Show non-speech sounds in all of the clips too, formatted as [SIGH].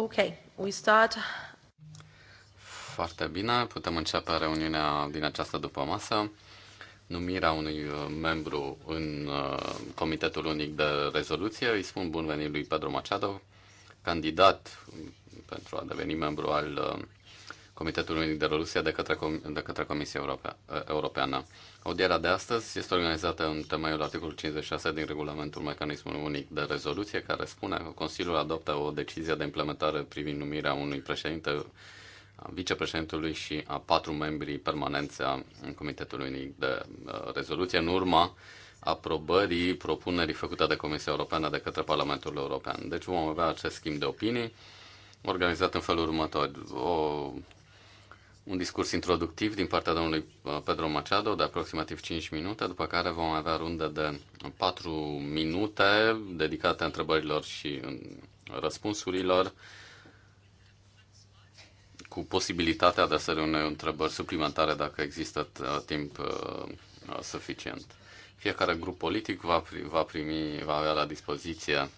Ok, we start. Foarte bine, putem începe reuniunea din această după masă. Numirea unui uh, membru în uh, Comitetul Unic de Rezoluție. Îi spun bun venit lui Pedro Machado, candidat pentru a deveni membru al uh, Comitetul Unic de Rusia de către, Com- de către Comisia Europea, Europeană. Audierea de astăzi este organizată în temeiul articolului 56 din regulamentul Mecanismului Unic de Rezoluție, care spune că Consiliul adoptă o decizie de implementare privind numirea unui președinte, a vicepreședintelui și a patru membri permanenți a Comitetului Unic de uh, Rezoluție în urma aprobării propunerii făcute de Comisia Europeană de către Parlamentul European. Deci vom avea acest schimb de opinii organizat în felul următor. O un discurs introductiv din partea domnului uh, Pedro Machado de aproximativ 5 minute, după care vom avea rundă de 4 minute dedicate întrebărilor și um, răspunsurilor cu posibilitatea de a se reune întrebări suplimentare dacă există uh, timp uh, suficient. Fiecare grup politic va, va primi, va avea la dispoziție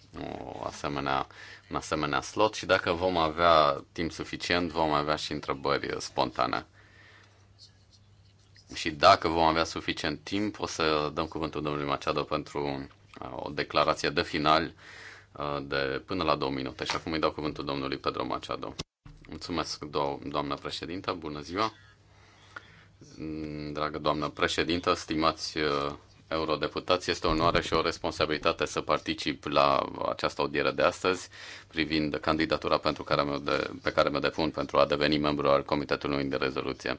o asemenea, un asemenea slot și dacă vom avea timp suficient, vom avea și întrebări spontane. Și dacă vom avea suficient timp, o să dăm cuvântul domnului Maceado pentru o declarație de final uh, de până la două minute. Și acum îi dau cuvântul domnului Pedro Maceado. Mulțumesc, do- doamnă președintă, bună ziua! Dragă doamnă președintă, stimați uh, eurodeputați. Este o onoare și o responsabilitate să particip la această audiere de astăzi privind candidatura pentru care mă de, pe care mă depun pentru a deveni membru al Comitetului de Rezoluție.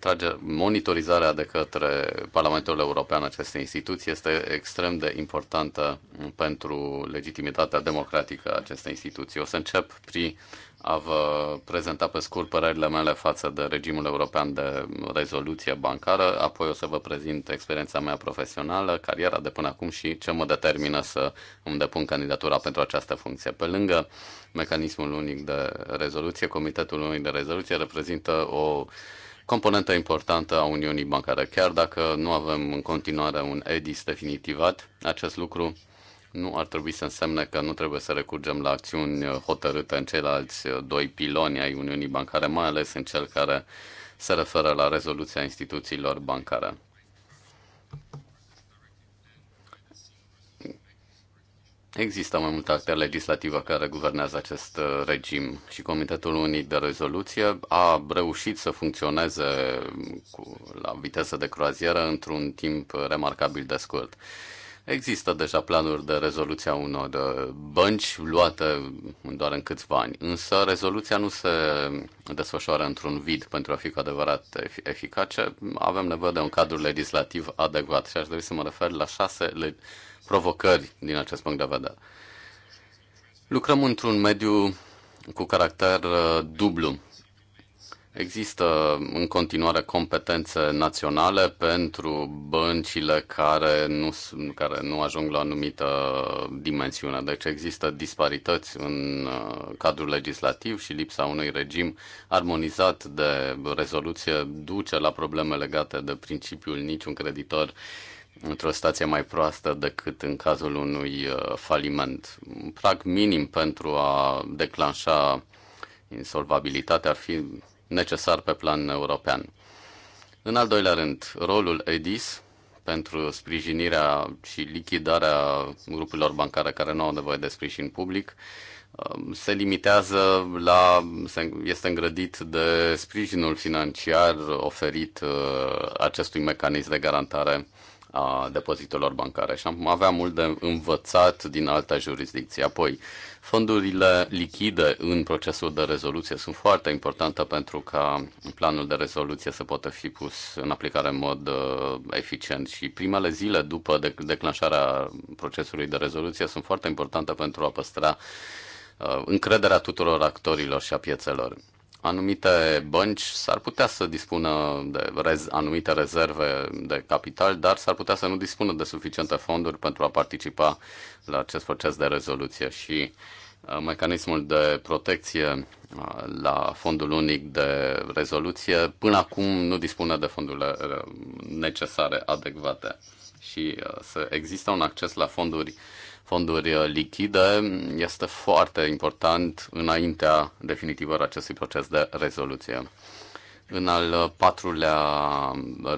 Trage, monitorizarea de către Parlamentul European acestei instituții este extrem de importantă pentru legitimitatea democratică a acestei instituții. O să încep prin a vă prezenta pe scurt părerile mele față de regimul european de rezoluție bancară, apoi o să vă prezint experiența mea profesională, cariera de până acum și ce mă determină să îmi depun candidatura pentru această funcție. Pe lângă mecanismul unic de rezoluție, Comitetul unic de rezoluție reprezintă o componentă importantă a Uniunii Bancare. Chiar dacă nu avem în continuare un EDIS definitivat, acest lucru nu ar trebui să însemne că nu trebuie să recurgem la acțiuni uh, hotărâte în ceilalți uh, doi piloni ai Uniunii Bancare, mai ales în cel care se referă la rezoluția instituțiilor bancare. Există mai multe acte legislative care guvernează acest uh, regim și Comitetul Unic de Rezoluție a reușit să funcționeze cu, la viteză de croazieră într-un timp remarcabil de scurt. Există deja planuri de rezoluție a unor uh, bănci luate doar în câțiva ani, însă rezoluția nu se desfășoară într-un vid pentru a fi cu adevărat eficace. Avem nevoie de un cadru legislativ adecvat și aș dori să mă refer la șase le- provocări din acest punct de vedere. Lucrăm într-un mediu cu caracter uh, dublu Există în continuare competențe naționale pentru băncile care nu, care nu ajung la o anumită dimensiune. Deci există disparități în uh, cadrul legislativ și lipsa unui regim armonizat de rezoluție duce la probleme legate de principiul niciun creditor într-o stație mai proastă decât în cazul unui uh, faliment. Un prag minim pentru a declanșa insolvabilitatea ar fi necesar pe plan european. În al doilea rând, rolul EDIS pentru sprijinirea și lichidarea grupurilor bancare care nu au nevoie de sprijin public um, se limitează la, este îngrădit de sprijinul financiar oferit uh, acestui mecanism de garantare a depozitelor bancare și am avea mult de învățat din alta jurisdicție. Apoi, fondurile lichide în procesul de rezoluție sunt foarte importante pentru ca planul de rezoluție să poată fi pus în aplicare în mod uh, eficient și primele zile după declanșarea procesului de rezoluție sunt foarte importante pentru a păstra uh, încrederea tuturor actorilor și a piețelor anumite bănci s-ar putea să dispună de rez- anumite rezerve de capital, dar s-ar putea să nu dispună de suficiente fonduri pentru a participa la acest proces de rezoluție și uh, mecanismul de protecție uh, la fondul unic de rezoluție până acum nu dispune de fondurile uh, necesare, adecvate și să există un acces la fonduri fonduri uh, lichide este foarte important înaintea definitivă acestui proces de rezoluție. În al patrulea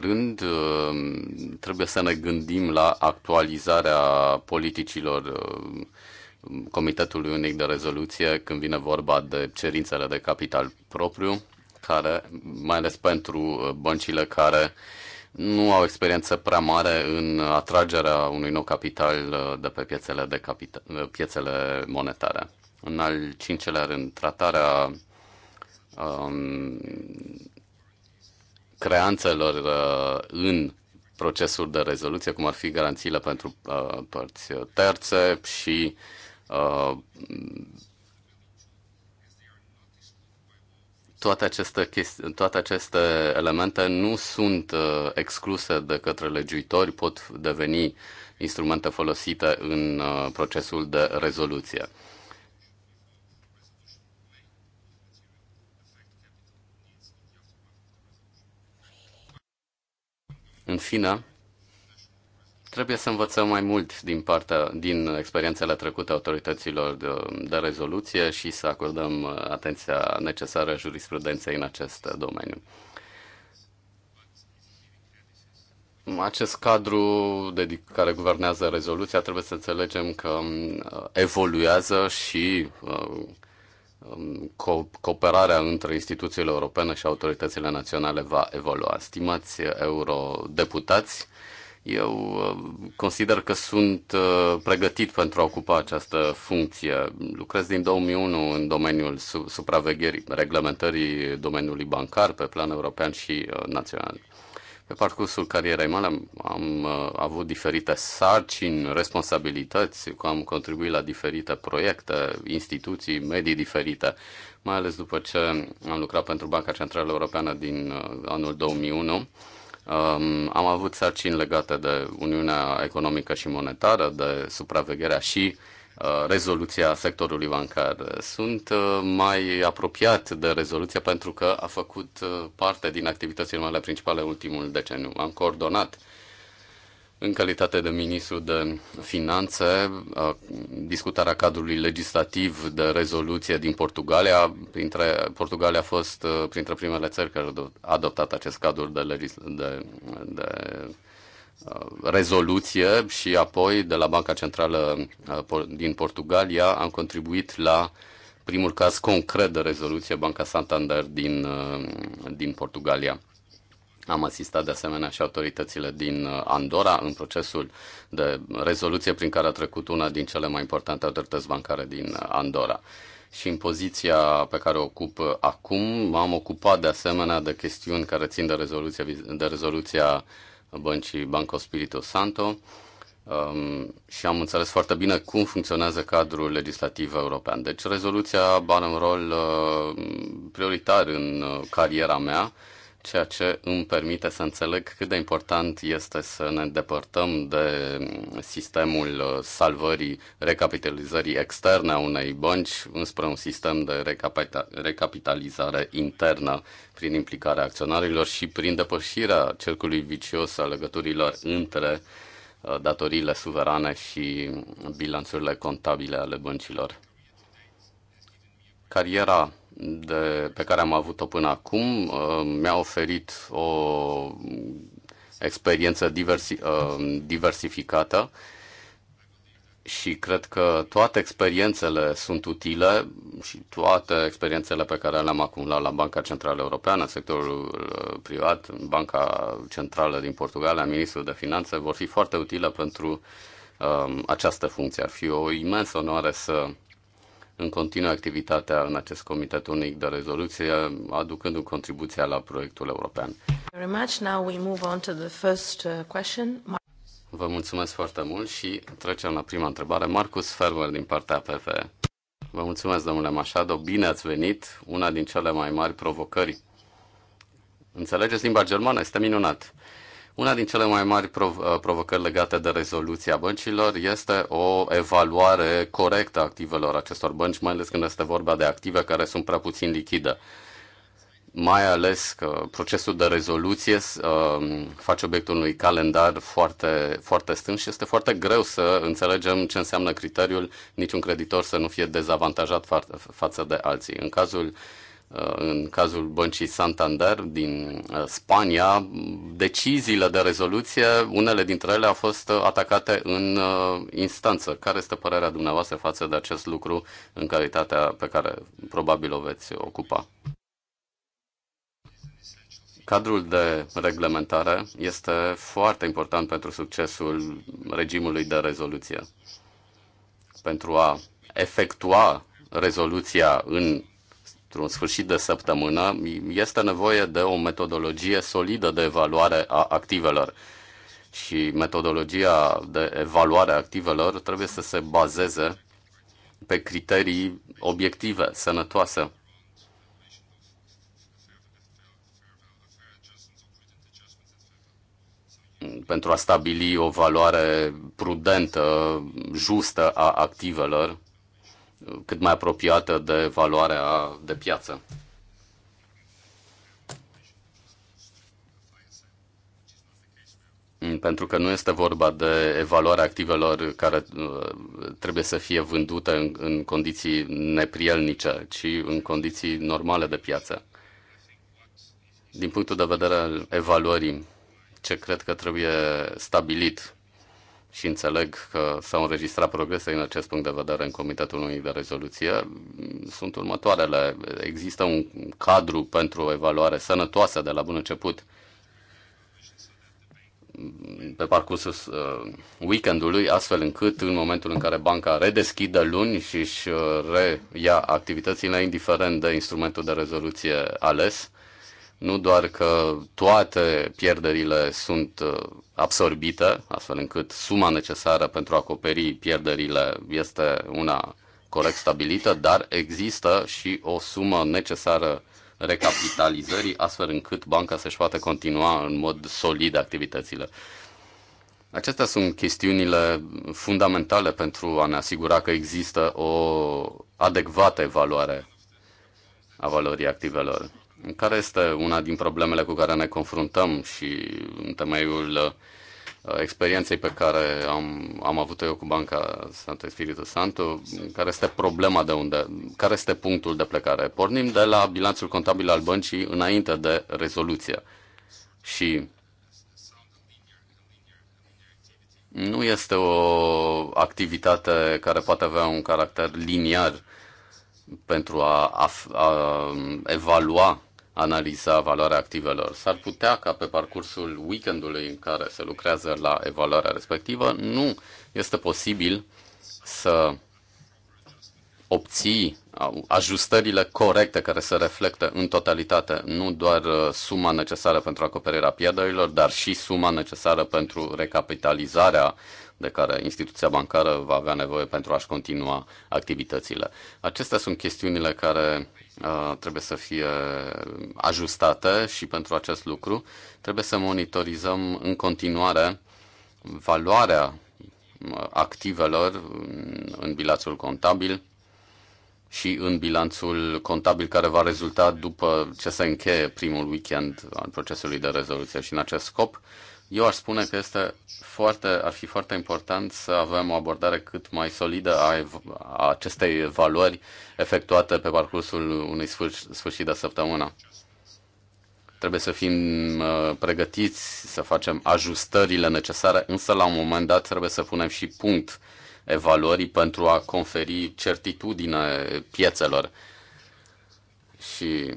rând, uh, trebuie să ne gândim la actualizarea politicilor uh, Comitetului Unic de Rezoluție când vine vorba de cerințele de capital propriu, care, mai ales pentru băncile care uh, nu au experiență prea mare în atragerea unui nou capital uh, de pe piețele, de capital, uh, piețele monetare. În al cincilea rând, tratarea um, creanțelor uh, în procesul de rezoluție, cum ar fi garanțiile pentru uh, părți terțe și uh, toate aceste, chesti- toate aceste elemente nu sunt uh, excluse de către legiuitori, pot deveni instrumente folosite în uh, procesul de rezoluție. În fine, Trebuie să învățăm mai mult din partea, din experiențele trecute autorităților de, de rezoluție și să acordăm atenția necesară jurisprudenței în acest domeniu. Acest cadru de, care guvernează rezoluția trebuie să înțelegem că um, evoluează și um, co- cooperarea între instituțiile europene și autoritățile naționale va evolua. Stimați eurodeputați, eu uh, consider că sunt uh, pregătit pentru a ocupa această funcție. Lucrez din 2001 în domeniul supravegherii, reglementării domeniului bancar pe plan european și uh, național. Pe parcursul carierei mele am, am avut diferite sarcini, responsabilități, am contribuit la diferite proiecte, instituții, medii diferite, mai ales după ce am lucrat pentru Banca Centrală Europeană din anul 2001 Um, am avut sarcini legate de Uniunea Economică și Monetară, de supravegherea și uh, rezoluția sectorului bancar. Sunt uh, mai apropiat de rezoluția pentru că a făcut uh, parte din activitățile mele principale ultimul deceniu. Am coordonat uh, în calitate de ministru de finanțe, discutarea cadrului legislativ de rezoluție din Portugalia, printre, Portugalia a fost printre primele țări care a adoptat acest cadru de, legisl- de, de rezoluție și apoi de la Banca Centrală din Portugalia am contribuit la primul caz concret de rezoluție Banca Santander din, din Portugalia. Am asistat de asemenea și autoritățile din uh, Andorra în procesul de rezoluție prin care a trecut una din cele mai importante autorități bancare din uh, Andorra. Și în poziția pe care o ocup uh, acum, m-am ocupat de asemenea de chestiuni care țin de rezoluția, de rezoluția băncii Banco Spirito Santo um, și am înțeles foarte bine cum funcționează cadrul legislativ european. Deci rezoluția are un rol uh, prioritar în uh, cariera mea ceea ce îmi permite să înțeleg cât de important este să ne depărtăm de sistemul uh, salvării recapitalizării externe a unei bănci înspre un sistem de recapitalizare internă prin implicarea acționarilor și prin depășirea cercului vicios a legăturilor între uh, datoriile suverane și bilanțurile contabile ale băncilor. Cariera de, pe care am avut-o până acum uh, mi-a oferit o experiență diversi, uh, diversificată și cred că toate experiențele sunt utile și toate experiențele pe care le-am acumulat la Banca Centrală Europeană, sectorul uh, privat, Banca Centrală din Portugalia, Ministrul de Finanțe, vor fi foarte utile pentru um, această funcție. Ar fi o imensă onoare să în continuă activitatea în acest Comitet Unic de Rezoluție, aducând o contribuție la proiectul european. Vă mulțumesc foarte mult și trecem la prima întrebare. Marcus Ferber din partea PPE. Vă mulțumesc, domnule Mașado, bine ați venit. Una din cele mai mari provocări. Înțelegeți limba germană, este minunat. Uh, una din cele mai mari prov- uh, provocări legate de rezoluția băncilor este o evaluare corectă a activelor acestor bănci, mai ales când este vorba de active care sunt prea puțin lichide mai ales că procesul de rezoluție uh, face obiectul unui calendar foarte, foarte stâns și este foarte greu să înțelegem ce înseamnă criteriul niciun creditor să nu fie dezavantajat fa- față de alții. În cazul Uh, în cazul băncii Santander din uh, Spania, deciziile de rezoluție, unele dintre ele au fost uh, atacate în instanță. Care este părerea dumneavoastră față de acest lucru în calitatea pe care probabil o veți ocupa? Cadrul de reglementare este foarte important pentru succesul regimului de rezoluție. Pentru a efectua rezoluția în într-un sfârșit de săptămână, este nevoie de o metodologie solidă de evaluare a activelor. Și metodologia de evaluare a activelor trebuie să se bazeze pe criterii obiective, sănătoase. pentru a stabili o valoare prudentă, justă a activelor cât mai apropiată de valoarea de piață. Pentru că nu este vorba de evaluarea activelor care uh, trebuie să fie vândute în, în condiții neprielnice, ci în condiții normale de piață. Din punctul de vedere al evaluării, ce cred că trebuie stabilit și înțeleg că s-au înregistrat progrese în acest punct de vedere în Comitetul Unii de Rezoluție, sunt următoarele. Există un cadru pentru o evaluare sănătoasă de la bun început pe parcursul uh, weekendului, astfel încât în momentul în care banca redeschidă luni și își uh, reia activitățile, indiferent de instrumentul de rezoluție ales, nu doar că toate pierderile sunt uh, absorbite, astfel încât suma necesară pentru a acoperi pierderile este una corect stabilită, dar există și o sumă necesară recapitalizării, astfel încât banca să-și poată continua în mod solid activitățile. Acestea sunt chestiunile fundamentale pentru a ne asigura că există o adecvată evaluare a valorii activelor care este una din problemele cu care ne confruntăm și în temeiul uh, experienței pe care am, am avut-o eu cu Banca Santo Spiritu Santo, care este problema de unde, care este punctul de plecare. Pornim de la bilanțul contabil al băncii înainte de rezoluție. Și nu este o activitate care poate avea un caracter liniar pentru a, a, a evalua analiza valoarea activelor. S-ar putea ca pe parcursul weekendului în care se lucrează la evaluarea respectivă, nu este posibil să obții ajustările corecte care se reflectă în totalitate, nu doar uh, suma necesară pentru acoperirea pierderilor, dar și suma necesară pentru recapitalizarea de care instituția bancară va avea nevoie pentru a-și continua activitățile. Acestea sunt chestiunile care Uh, trebuie să fie ajustate și pentru acest lucru trebuie să monitorizăm în continuare valoarea uh, activelor în bilanțul contabil și în bilanțul contabil care va rezulta după ce se încheie primul weekend al procesului de rezoluție. Și în acest scop, eu aș spune că este foarte, ar fi foarte important să avem o abordare cât mai solidă a, a acestei valori efectuate pe parcursul unui sfârșit de săptămână. Trebuie să fim uh, pregătiți să facem ajustările necesare, însă la un moment dat trebuie să punem și punct evaluării pentru a conferi certitudine piețelor. Și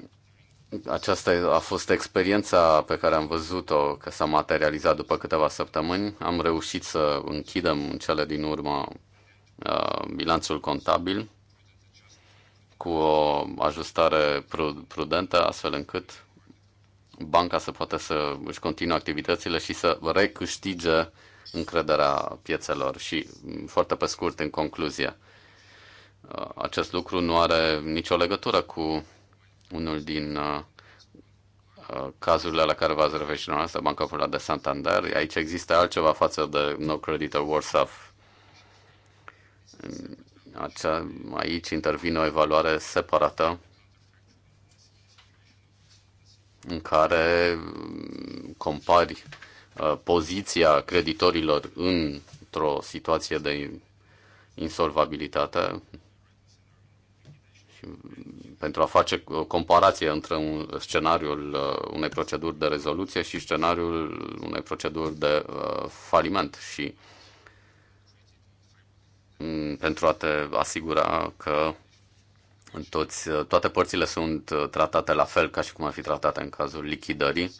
aceasta a fost experiența pe care am văzut-o că s-a materializat după câteva săptămâni. Am reușit să închidem în cele din urmă uh, bilanțul contabil cu o ajustare prudentă, astfel încât banca să poată să își continue activitățile și să recâștige încrederea piețelor. Și mm, foarte pe scurt, în concluzie, uh, acest lucru nu are nicio legătură cu unul din uh, uh, cazurile la care v-ați referit și dumneavoastră, Banca Populară de Santander. Aici există altceva față de No Creditor Warsaw. Acea, aici intervine o evaluare separată în care mm, compari uh, poziția creditorilor într-o situație de insolvabilitate pentru a face o comparație între un, scenariul uh, unei proceduri de rezoluție și scenariul unei proceduri de uh, faliment și um, pentru a te asigura că toți, uh, toate părțile sunt uh, tratate la fel ca și cum ar fi tratate în cazul lichidării.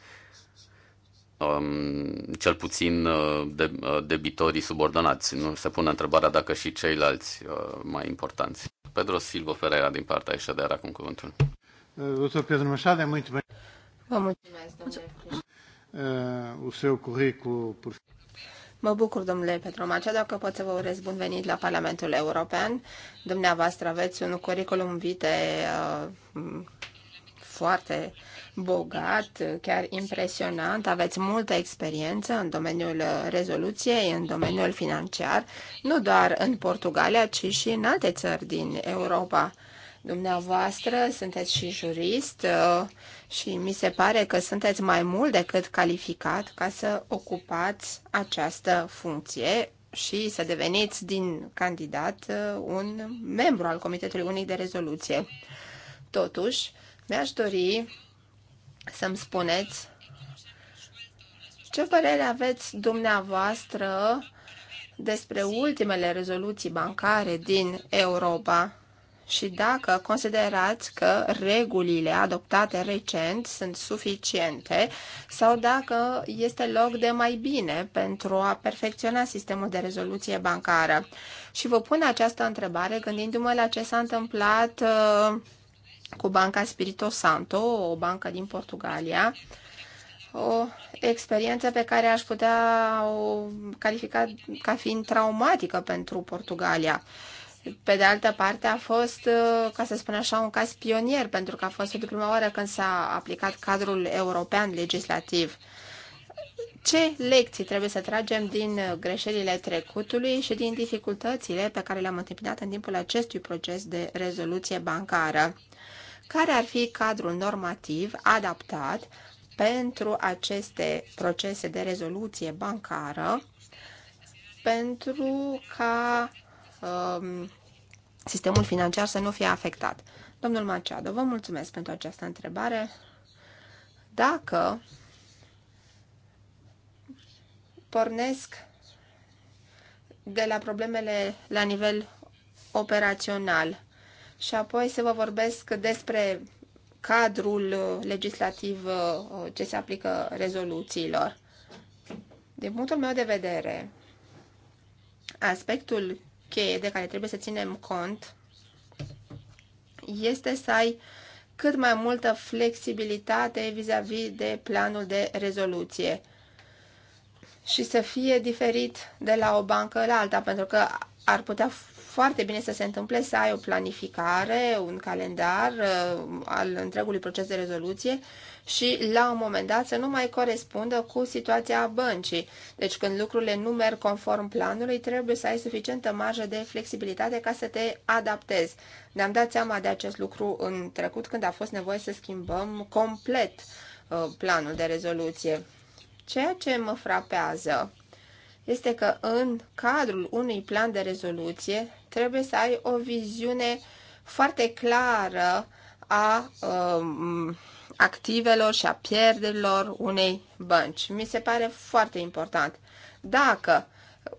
Um, cel puțin de, debitorii subordonați. Nu se pune întrebarea dacă și ceilalți uh, mai importanți. Pedro Silva Ferreira din partea aici de acum cuvântul. Uh, doutor Pedro Machado, é muito bem. Vă mulțumesc, domnule președinte. Uh, o seu currículo por Mă bucur, domnule Petru Macea, dacă pot să vă urez bun venit la Parlamentul European. Dumneavoastră aveți un curriculum vitae uh, foarte bogat, chiar impresionant. Aveți multă experiență în domeniul rezoluției, în domeniul financiar, nu doar în Portugalia, ci și în alte țări din Europa. Dumneavoastră sunteți și jurist uh, și mi se pare că sunteți mai mult decât calificat ca să ocupați această funcție și să deveniți din candidat uh, un membru al Comitetului Unic de Rezoluție. Totuși, mi-aș dori să-mi spuneți ce părere aveți dumneavoastră despre ultimele rezoluții bancare din Europa și dacă considerați că regulile adoptate recent sunt suficiente sau dacă este loc de mai bine pentru a perfecționa sistemul de rezoluție bancară. Și vă pun această întrebare gândindu-mă la ce s-a întâmplat uh, cu Banca Spirito Santo, o bancă din Portugalia, o experiență pe care aș putea o califica ca fiind traumatică pentru Portugalia. Pe de altă parte, a fost, uh, ca să spun așa, un caz pionier, pentru că a fost de prima oară când s-a aplicat cadrul european legislativ. Ce lecții trebuie să tragem din greșelile trecutului și din dificultățile pe care le-am întâmpinat în timpul acestui proces de rezoluție bancară? care ar fi cadrul normativ adaptat pentru aceste procese de rezoluție bancară, pentru ca um, sistemul financiar să nu fie afectat. Domnul Maceado, vă mulțumesc pentru această întrebare. Dacă pornesc de la problemele la nivel operațional, și apoi să vă vorbesc despre cadrul uh, legislativ uh, ce se aplică rezoluțiilor. Din punctul meu de vedere, aspectul cheie de care trebuie să ținem cont este să ai cât mai multă flexibilitate vis-a-vis -vis de planul de rezoluție și să fie diferit de la o bancă la alta, pentru că ar putea foarte bine să se întâmple să ai o planificare, un calendar uh, al întregului proces de rezoluție și la un moment dat să nu mai corespundă cu situația băncii. Deci când lucrurile nu merg conform planului, trebuie să ai suficientă marjă de flexibilitate ca să te adaptezi. Ne-am dat seama de acest lucru în trecut când a fost nevoie să schimbăm complet uh, planul de rezoluție. Ceea ce mă frapează este că în cadrul unui plan de rezoluție trebuie să ai o viziune foarte clară a um, activelor și a pierderilor unei bănci. Mi se pare foarte important. Dacă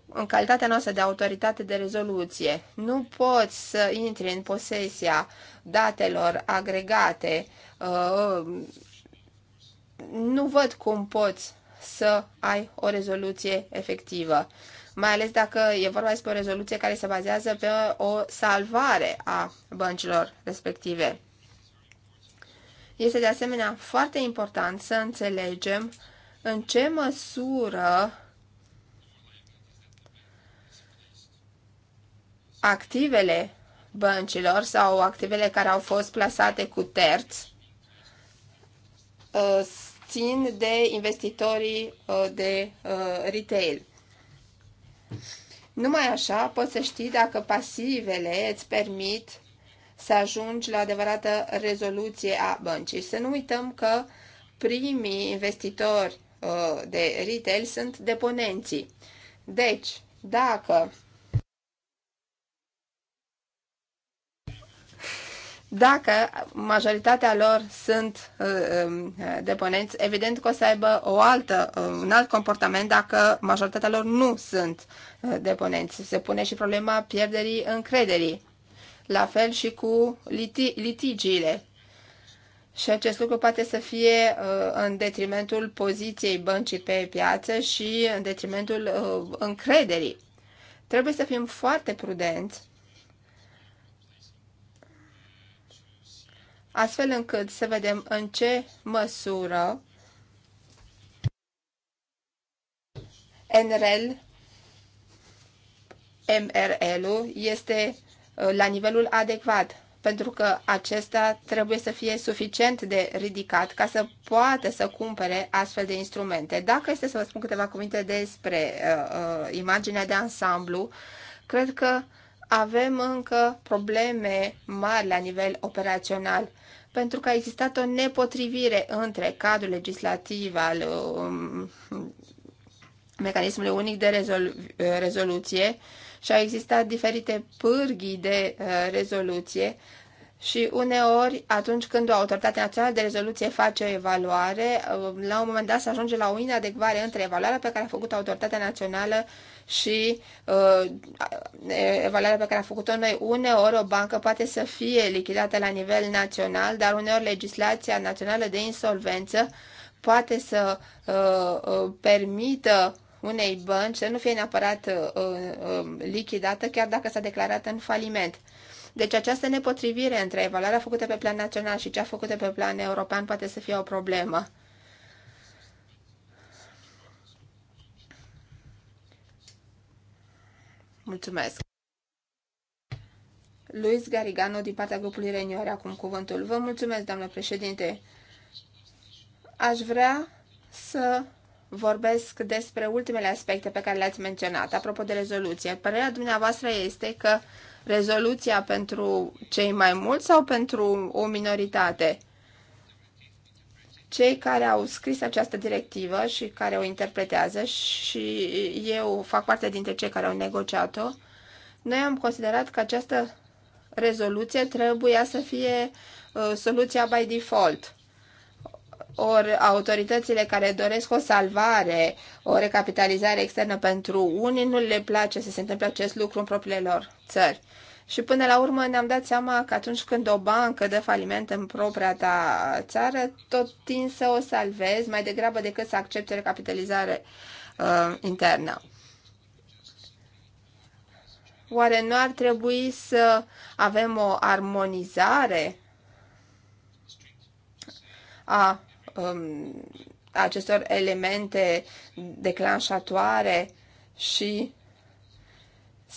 în calitatea noastră de autoritate de rezoluție, nu poți să intri în posesia datelor agregate, uh, nu văd cum poți să ai o rezoluție efectivă mai ales dacă e vorba despre o rezoluție care se bazează pe o salvare a băncilor respective. Este de asemenea foarte important să înțelegem în ce măsură activele băncilor sau activele care au fost plasate cu terți uh, țin de investitorii uh, de uh, retail. Numai așa poți să știi dacă pasivele îți permit să ajungi la adevărată rezoluție a băncii. Să nu uităm că primii investitori uh, de retail sunt deponenții. Deci, dacă Dacă majoritatea lor sunt uh, um, uh, deponenți, evident că o să aibă o altă, uh, un alt comportament dacă majoritatea lor nu sunt uh, deponenți. Se pune și problema pierderii încrederii. La fel și cu liti- litigiile. Și acest lucru poate să fie uh, în detrimentul poziției băncii pe piață și în detrimentul uh, încrederii. Trebuie să fim foarte prudenți astfel încât să vedem în ce măsură NRL, MRL-ul este uh, la nivelul adecvat, pentru că acesta trebuie să fie suficient de ridicat ca să poată să cumpere astfel de instrumente. Dacă este să vă spun câteva cuvinte despre uh, uh, imaginea de ansamblu, cred că avem încă probleme mari la nivel operațional pentru că a existat o nepotrivire între cadrul legislativ al um, mecanismului unic de rezol, uh, rezoluție și au existat diferite pârghii de uh, rezoluție și uneori, atunci când o autoritate națională de rezoluție face o evaluare, uh, la un moment dat se ajunge la o inadecvare între evaluarea pe care a făcut autoritatea națională și uh, evaluarea pe care a făcut-o noi. Uneori o bancă poate să fie lichidată la nivel național, dar uneori legislația națională de insolvență poate să uh, uh, permită unei bănci să nu fie neapărat uh, uh, lichidată, chiar dacă s-a declarat în faliment. Deci această nepotrivire între evaluarea făcută pe plan național și cea făcută pe plan european poate să fie o problemă. Mulțumesc! Luis Garigano din partea grupului Reniu are acum cuvântul. Vă mulțumesc, doamnă președinte. Aș vrea să vorbesc despre ultimele aspecte pe care le-ați menționat, apropo de rezoluție. Părerea dumneavoastră este că rezoluția pentru cei mai mulți sau pentru o minoritate? cei care au scris această directivă și care o interpretează și eu fac parte dintre cei care au negociat-o, noi am considerat că această rezoluție trebuia să fie uh, soluția by default. Ori autoritățile care doresc o salvare, o recapitalizare externă pentru unii, nu le place să se întâmple acest lucru în propriile lor țări. Și până la urmă ne-am dat seama că atunci când o bancă dă faliment în propria ta țară, tot timp să o salvezi mai degrabă decât să accepte recapitalizare uh, internă. Oare nu ar trebui să avem o armonizare a um, acestor elemente declanșatoare și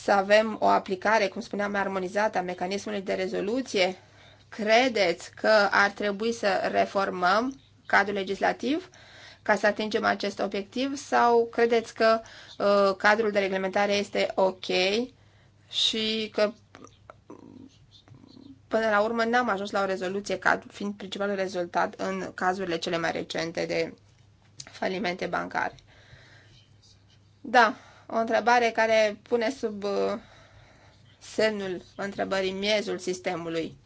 să avem o aplicare, cum spuneam, armonizată a mecanismului de rezoluție? Credeți că ar trebui să reformăm cadrul legislativ ca să atingem acest obiectiv sau credeți că uh, cadrul de reglementare este ok și că până la urmă n-am ajuns la o rezoluție ca fiind principalul rezultat în cazurile cele mai recente de falimente bancare? Da, o întrebare care pune sub uh, semnul întrebării miezul sistemului.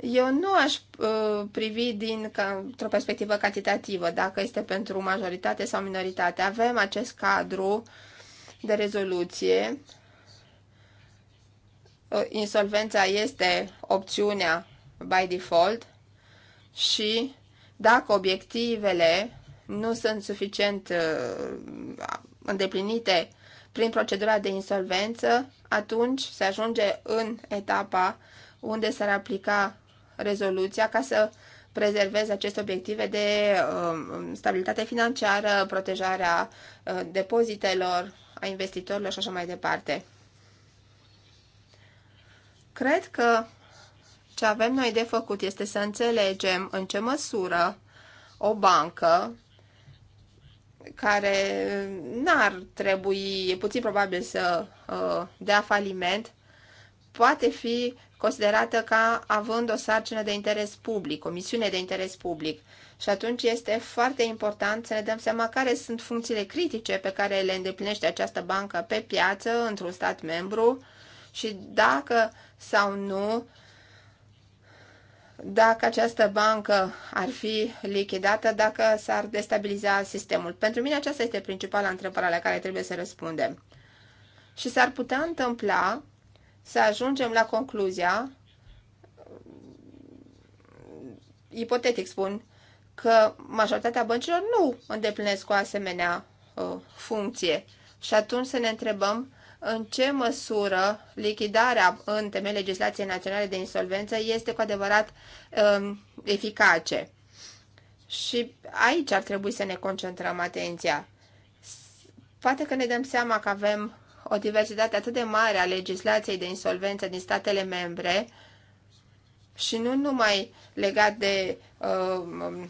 Eu nu aș uh, privi din o perspectivă cantitativă, dacă este pentru majoritate sau minoritate. Avem acest cadru de rezoluție. Uh, insolvența este opțiunea by default și dacă obiectivele nu sunt suficient uh, îndeplinite prin procedura de insolvență, atunci se ajunge în etapa unde s-ar aplica rezoluția ca să prezervezi aceste obiective de uh, stabilitate financiară, protejarea uh, depozitelor, a investitorilor și așa mai departe. Cred că ce avem noi de făcut este să înțelegem în ce măsură o bancă care n-ar trebui, e puțin probabil să uh, dea faliment, poate fi considerată ca având o sarcină de interes public, o misiune de interes public. Și atunci este foarte important să ne dăm seama care sunt funcțiile critice pe care le îndeplinește această bancă pe piață, într-un stat membru și dacă sau nu dacă această bancă ar fi lichidată, dacă s-ar destabiliza sistemul. Pentru mine aceasta este principala întrebare la care trebuie să răspundem. Și s-ar putea întâmpla să ajungem la concluzia, ipotetic spun, că majoritatea băncilor nu îndeplinesc o asemenea uh, funcție. Și atunci să ne întrebăm în ce măsură lichidarea în temei legislației naționale de insolvență este cu adevărat um, eficace. Și aici ar trebui să ne concentrăm atenția. Poate că ne dăm seama că avem o diversitate atât de mare a legislației de insolvență din statele membre și nu numai legat de uh,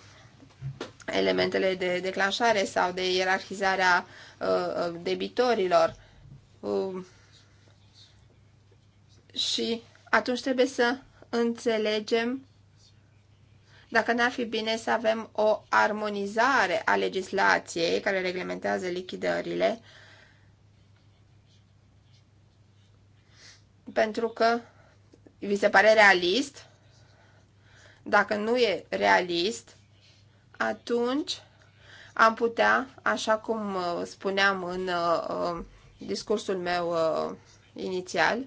elementele de declanșare sau de ierarhizarea uh, uh debitorilor, Um, și atunci trebuie să înțelegem dacă n-ar fi bine să avem o armonizare a legislației care reglementează lichidările, pentru că vi se pare realist? Dacă nu e realist, atunci am putea, așa cum uh, spuneam în uh, discursul meu uh, inițial,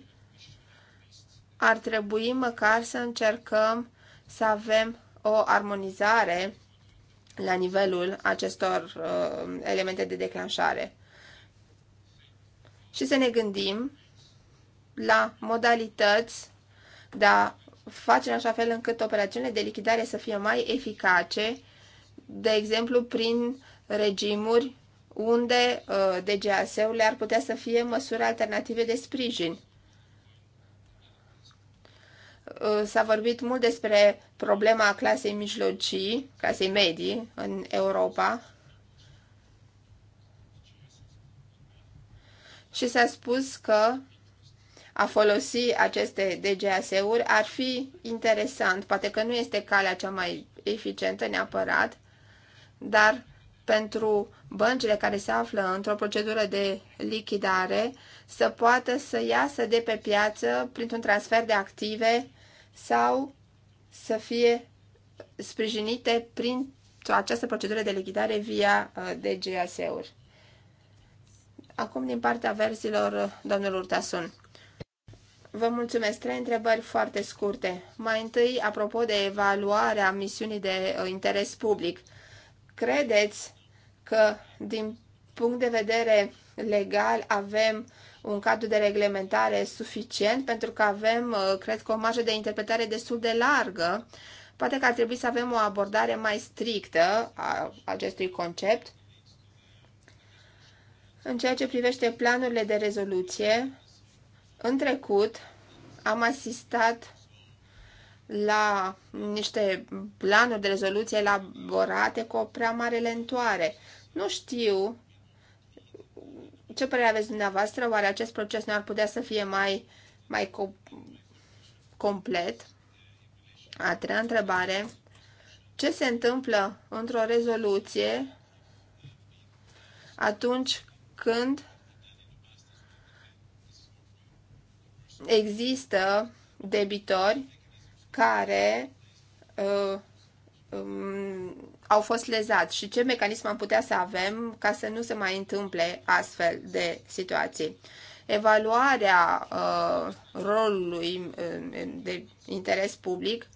ar trebui măcar să încercăm să avem o armonizare la nivelul acestor uh, elemente de declanșare și să ne gândim la modalități de a face în așa fel încât operațiunile de lichidare să fie mai eficace, de exemplu prin regimuri unde uh, DGAS-urile ar putea să fie măsuri alternative de sprijin. Uh, s-a vorbit mult despre problema clasei mijlocii, clasei medii în Europa și s-a spus că a folosi aceste DGAS-uri ar fi interesant. Poate că nu este calea cea mai eficientă neapărat, dar pentru băncile care se află într-o procedură de lichidare să poată să iasă de pe piață printr-un transfer de active sau să fie sprijinite prin această procedură de lichidare via uh, DGAS-uri. Acum, din partea versilor, domnul Urtasun. Vă mulțumesc. Trei întrebări foarte scurte. Mai întâi, apropo de evaluarea misiunii de uh, interes public – Credeți că, din punct de vedere legal, avem un cadru de reglementare suficient pentru că avem, uh, cred că, o marjă de interpretare destul de largă. Poate că ar trebui să avem o abordare mai strictă a acestui concept. În ceea ce privește planurile de rezoluție, în trecut am asistat la niște planuri de rezoluție elaborate cu o prea mare lentoare. Nu știu ce părere aveți dumneavoastră, oare acest proces nu ar putea să fie mai, mai co- complet? A treia întrebare, ce se întâmplă într-o rezoluție atunci când există debitori care uh, um, au fost lezați și ce mecanism am putea să avem ca să nu se mai întâmple astfel de situații. Evaluarea uh, rolului uh, de interes public,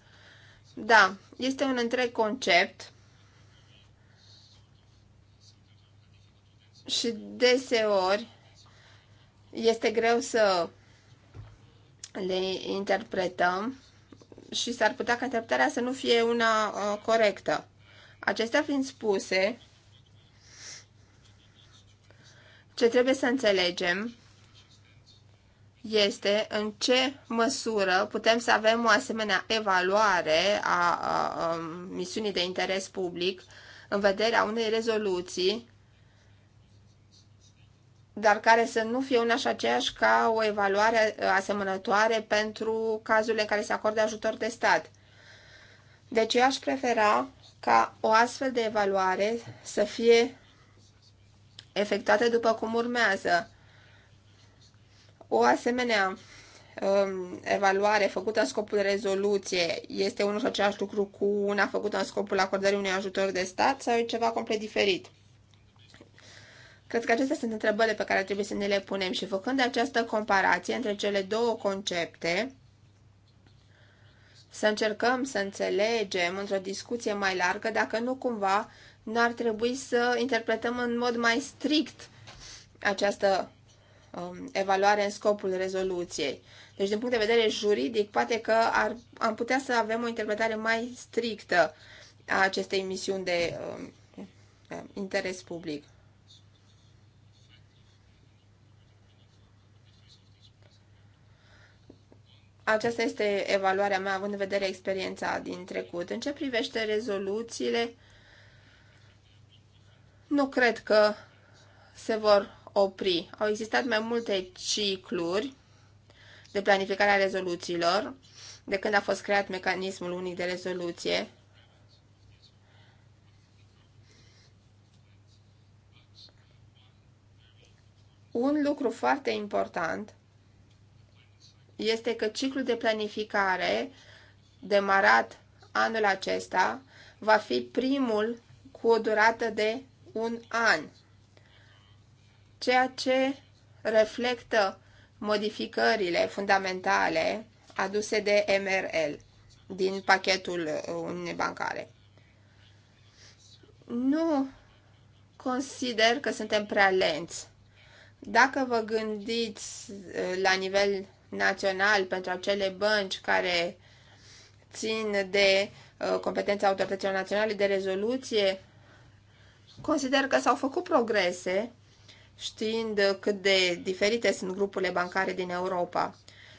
da, este un întreg concept și deseori este greu să le interpretăm și s-ar putea ca interpretarea să nu fie una uh, corectă. Acestea fiind spuse, ce trebuie să înțelegem este în ce măsură putem să avem o asemenea evaluare a, a, a misiunii de interes public în vederea unei rezoluții dar care să nu fie una și aceeași ca o evaluare asemănătoare pentru cazurile în care se acordă ajutor de stat. Deci eu aș prefera ca o astfel de evaluare să fie efectuată după cum urmează. O asemenea um, evaluare făcută în scopul rezoluție este unul și același lucru cu una făcută în scopul acordării unui ajutor de stat sau e ceva complet diferit? Cred că acestea sunt întrebările pe care trebuie să ne le punem și făcând această comparație între cele două concepte, să încercăm să înțelegem într-o discuție mai largă dacă nu cumva n-ar trebui să interpretăm în mod mai strict această um, evaluare în scopul rezoluției. Deci, din punct de vedere juridic, poate că ar, am putea să avem o interpretare mai strictă a acestei misiuni de um, interes public. Aceasta este evaluarea mea, având în vedere experiența din trecut. În ce privește rezoluțiile, nu cred că se vor opri. Au existat mai multe cicluri de planificare a rezoluțiilor de când a fost creat mecanismul unic de rezoluție. Un lucru foarte important este că ciclul de planificare demarat anul acesta va fi primul cu o durată de un an, ceea ce reflectă modificările fundamentale aduse de MRL din pachetul Uniunii Bancare. Nu consider că suntem prea lenți. Dacă vă gândiți uh, la nivel național pentru acele bănci care țin de uh, competența autorităților naționale de rezoluție, consider că s-au făcut progrese știind cât de diferite sunt grupurile bancare din Europa.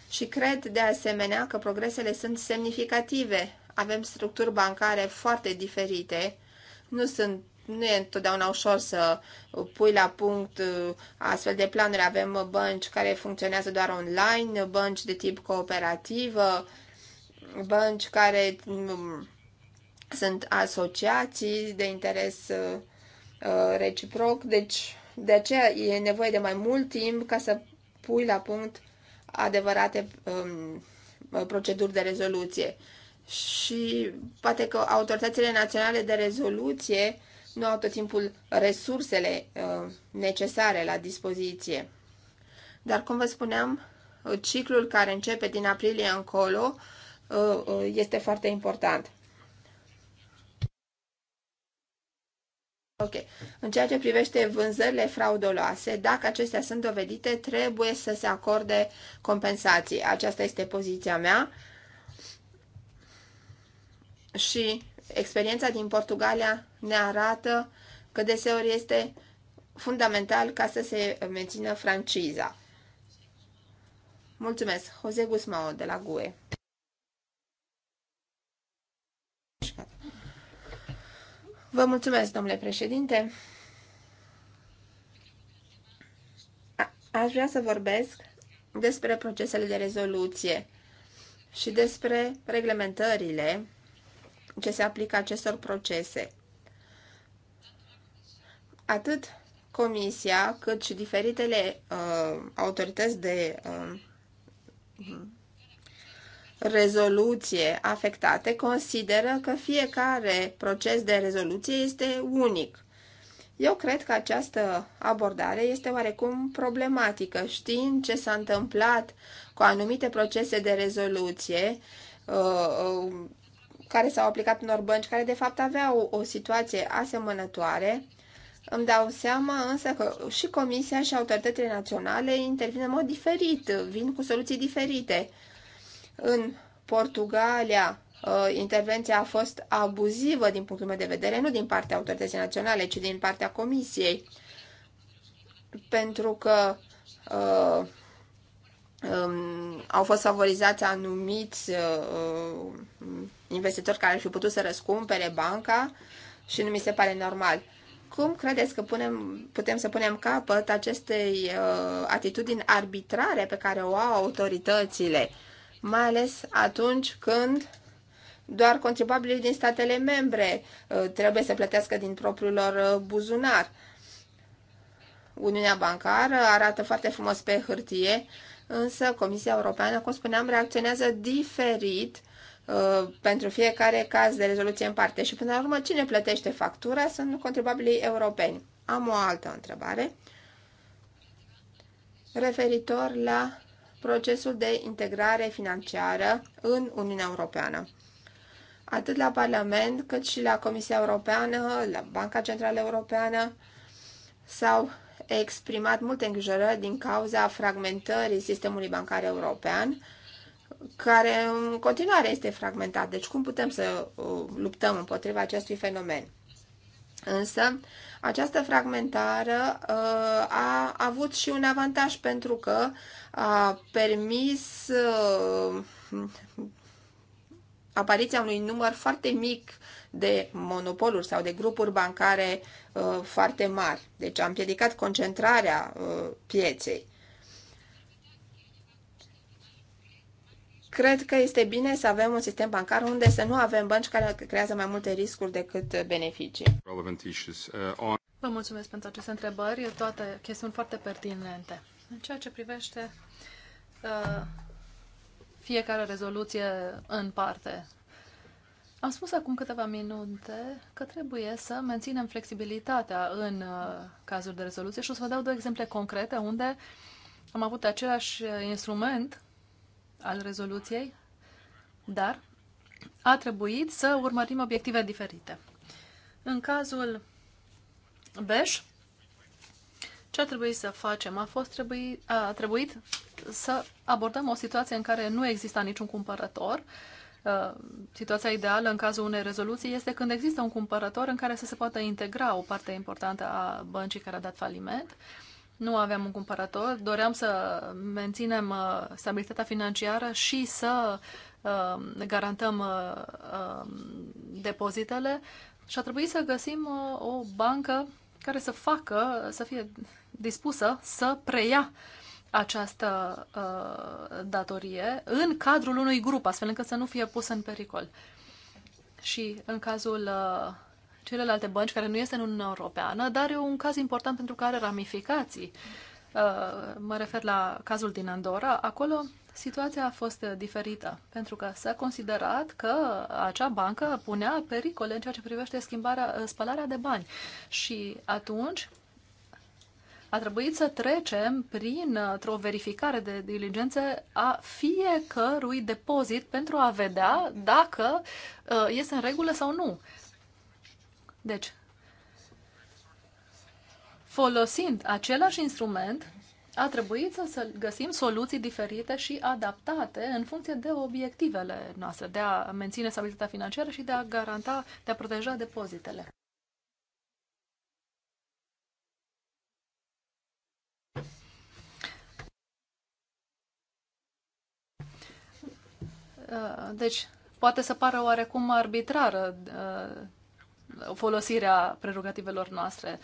Și cred de asemenea că progresele sunt semnificative. Avem structuri bancare foarte diferite, nu sunt nu e întotdeauna ușor să pui la punct uh, astfel de planuri. Avem bănci care funcționează doar online, bănci de tip cooperativă, bănci care um, sunt asociații de interes uh, uh, reciproc, deci de aceea e nevoie de mai mult timp ca să pui la punct adevărate um, proceduri de rezoluție. Și poate că autoritățile naționale de rezoluție nu au tot timpul resursele uh, necesare la dispoziție. Dar, cum vă spuneam, uh, ciclul care începe din aprilie încolo uh, este foarte important. Ok. În ceea ce privește vânzările fraudoloase, dacă acestea sunt dovedite, trebuie să se acorde compensații. Aceasta este poziția mea. Și experiența din Portugalia ne arată că deseori este fundamental ca să se mențină franciza. Mulțumesc, Jose Gusmao de la GUE. Vă mulțumesc, domnule președinte. aș vrea să vorbesc despre procesele de rezoluție și despre reglementările ce se aplică acestor procese. Atât Comisia, cât și diferitele uh, autorități de uh, rezoluție afectate consideră că fiecare proces de rezoluție este unic. Eu cred că această abordare este oarecum problematică, știind ce s-a întâmplat cu anumite procese de rezoluție, uh, uh, care s-au aplicat unor bănci care de fapt aveau o situație asemănătoare. Îmi dau seama însă că și Comisia și autoritățile naționale intervin în mod diferit, vin cu soluții diferite. În Portugalia, ă, intervenția a fost abuzivă din punctul meu de vedere, nu din partea autorității naționale, ci din partea Comisiei. Pentru că uh, um, au fost favorizați anumiți uh, investitori care ar fi putut să răscumpere banca și nu mi se pare normal. Cum credeți că punem, putem să punem capăt acestei uh, atitudini arbitrare pe care o au autoritățile, mai ales atunci când doar contribuabilii din statele membre uh, trebuie să plătească din propriul lor uh, buzunar? Uniunea bancară arată foarte frumos pe hârtie, însă Comisia Europeană, cum spuneam, reacționează diferit Uh, pentru fiecare caz de rezoluție în parte. Și până la urmă, cine plătește factura sunt contribuabilii europeni. Am o altă întrebare referitor la procesul de integrare financiară în Uniunea Europeană. Atât la Parlament, cât și la Comisia Europeană, la Banca Centrală Europeană, s-au exprimat multe îngrijorări din cauza fragmentării sistemului bancar european care în continuare este fragmentat. Deci cum putem să uh, luptăm împotriva acestui fenomen? Însă, această fragmentare uh, a avut și un avantaj pentru că a permis uh, apariția unui număr foarte mic de monopoluri sau de grupuri bancare foarte mari. Deci a împiedicat concentrarea pieței. Cred că este bine să avem un sistem bancar unde să nu avem bănci care creează mai multe riscuri decât beneficii. Uh, vă mulțumesc pentru aceste întrebări, toate chestiuni foarte pertinente. În ceea ce privește uh, fiecare rezoluție în parte, am spus acum câteva minute că trebuie să menținem flexibilitatea în uh, cazuri de rezoluție și o să vă dau două exemple concrete unde am avut același uh, instrument al rezoluției, dar a trebuit să urmărim obiective diferite. În cazul Beș, ce a trebuit să facem? A, fost trebui, a trebuit să abordăm o situație în care nu exista niciun cumpărător. Uh, situația ideală în cazul unei rezoluții este când există un cumpărător în care să se poată integra o parte importantă a băncii care a dat faliment nu aveam un cumpărător, doream să menținem uh, stabilitatea financiară și să uh, garantăm uh, um, depozitele și a trebuit să găsim o bancă care să facă, să fie dispusă să preia această uh, datorie în cadrul unui grup, astfel încât să nu fie pusă în pericol. Și în cazul uh, celelalte bănci care nu este în Uniunea Europeană, dar e un caz important pentru care are ramificații. Uh, mă refer la cazul din Andorra. Acolo situația a fost diferită, pentru că s-a considerat că acea bancă punea pericole în ceea ce privește schimbarea, uh, spălarea de bani. Și atunci a trebuit să trecem prin uh, o verificare de diligențe a fiecărui depozit pentru a vedea dacă este în regulă sau nu. Deci, folosind același instrument, a trebuit să găsim soluții diferite și adaptate în funcție de obiectivele noastre, de a menține stabilitatea financiară și de a garanta, de a proteja depozitele. Uh, deci, poate să pară oarecum arbitrară uh, folosirea prerogativelor noastre.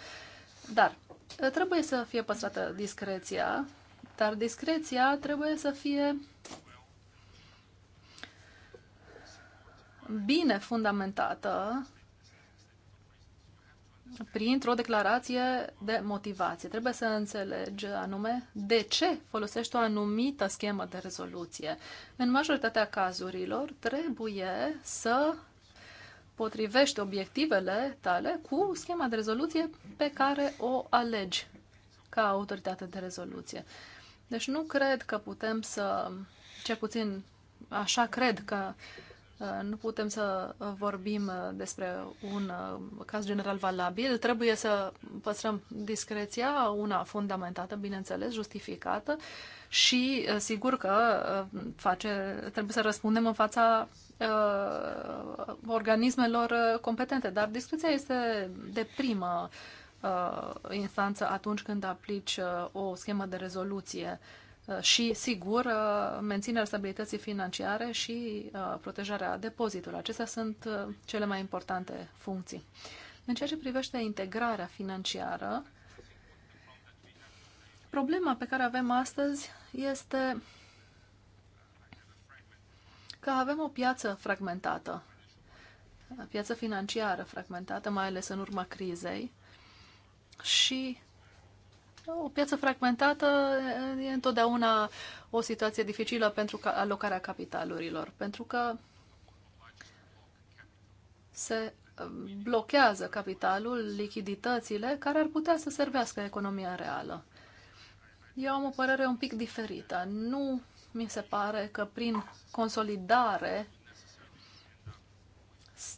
Dar eh, trebuie să fie păstrată discreția, dar discreția trebuie să fie bine fundamentată printr-o declarație de motivație. Trebuie să înțelegi anume de ce folosești o anumită schemă de rezoluție. În majoritatea cazurilor trebuie să potrivești obiectivele tale cu schema de rezoluție pe care o alegi ca autoritate de rezoluție. Deci nu cred că putem să, cel puțin așa cred că Uh, nu putem să vorbim uh, despre un uh, caz general valabil. Trebuie să păstrăm discreția, una fundamentată, bineînțeles, justificată și sigur că face, trebuie să răspundem în fața uh, organismelor competente, dar discreția este de primă uh, instanță atunci când aplici uh, o schemă de rezoluție uh, Uh, și, sigur, uh, menținerea stabilității financiare și uh, protejarea depozitului. Acestea sunt cele mai importante funcții. În ceea ce privește integrarea financiară, problema pe care avem astăzi este că avem o piață fragmentată, piață financiară fragmentată, mai ales în urma crizei, și o piață fragmentată e întotdeauna o situație dificilă pentru alocarea capitalurilor, pentru că se uh, blochează capitalul, lichiditățile, care ar putea să servească economia reală. Eu am o părere un pic diferită. Nu mi se pare că prin consolidare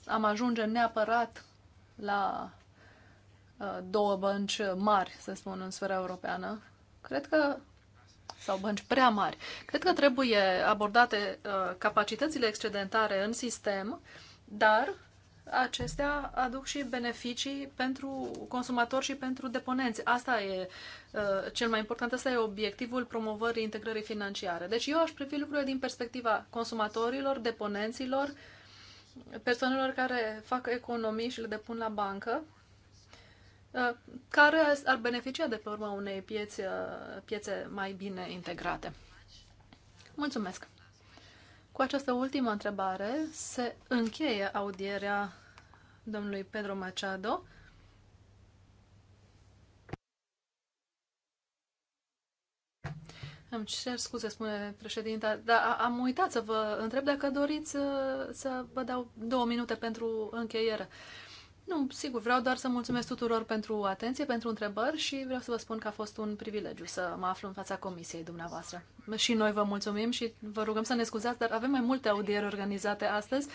am ajunge neapărat la Uh, două bănci mari, să spun, în sfera europeană. Cred că sau bănci prea mari. Cred că trebuie abordate uh, capacitățile excedentare în sistem, dar acestea aduc și beneficii pentru consumatori și pentru deponenți. Asta e uh, cel mai important, asta e obiectivul promovării integrării financiare. Deci eu aș privi lucrurile din perspectiva consumatorilor, deponenților, persoanelor care fac economii și le depun la bancă Uh, care ar beneficia de pe urma unei piețe, uh, piețe mai bine integrate. Mulțumesc! Cu această ultimă întrebare se încheie audierea domnului Pedro Machado. Îmi cer scuze, spune președinta, dar am uitat să vă întreb dacă doriți uh, să vă dau două minute pentru încheiere. Nu, sigur, vreau doar să mulțumesc tuturor pentru atenție, pentru întrebări și vreau să vă spun că a fost un privilegiu să mă aflu în fața comisiei dumneavoastră. Și noi vă mulțumim și vă rugăm să ne scuzați, dar avem mai multe audieri organizate astăzi,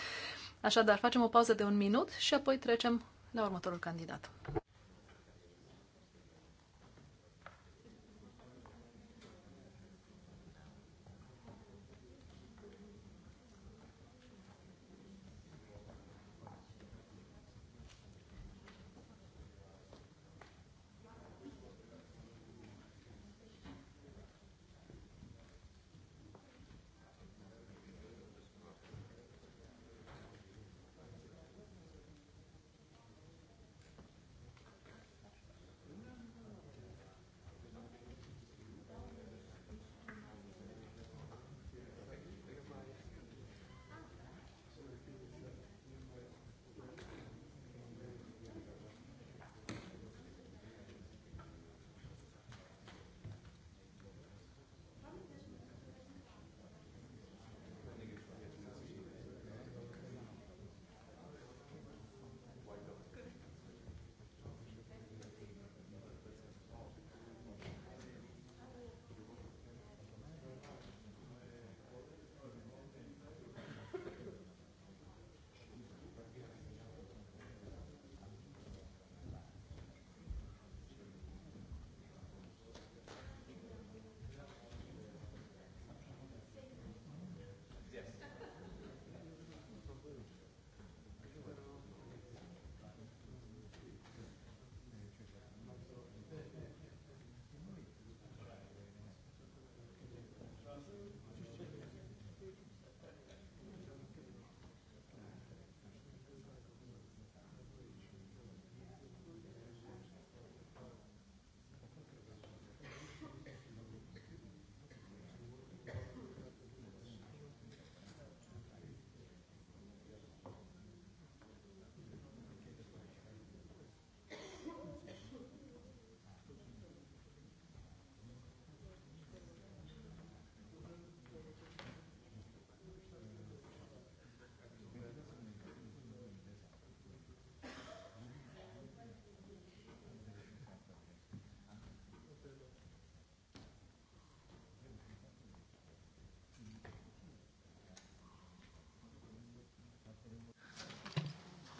așadar facem o pauză de un minut și apoi trecem la următorul candidat.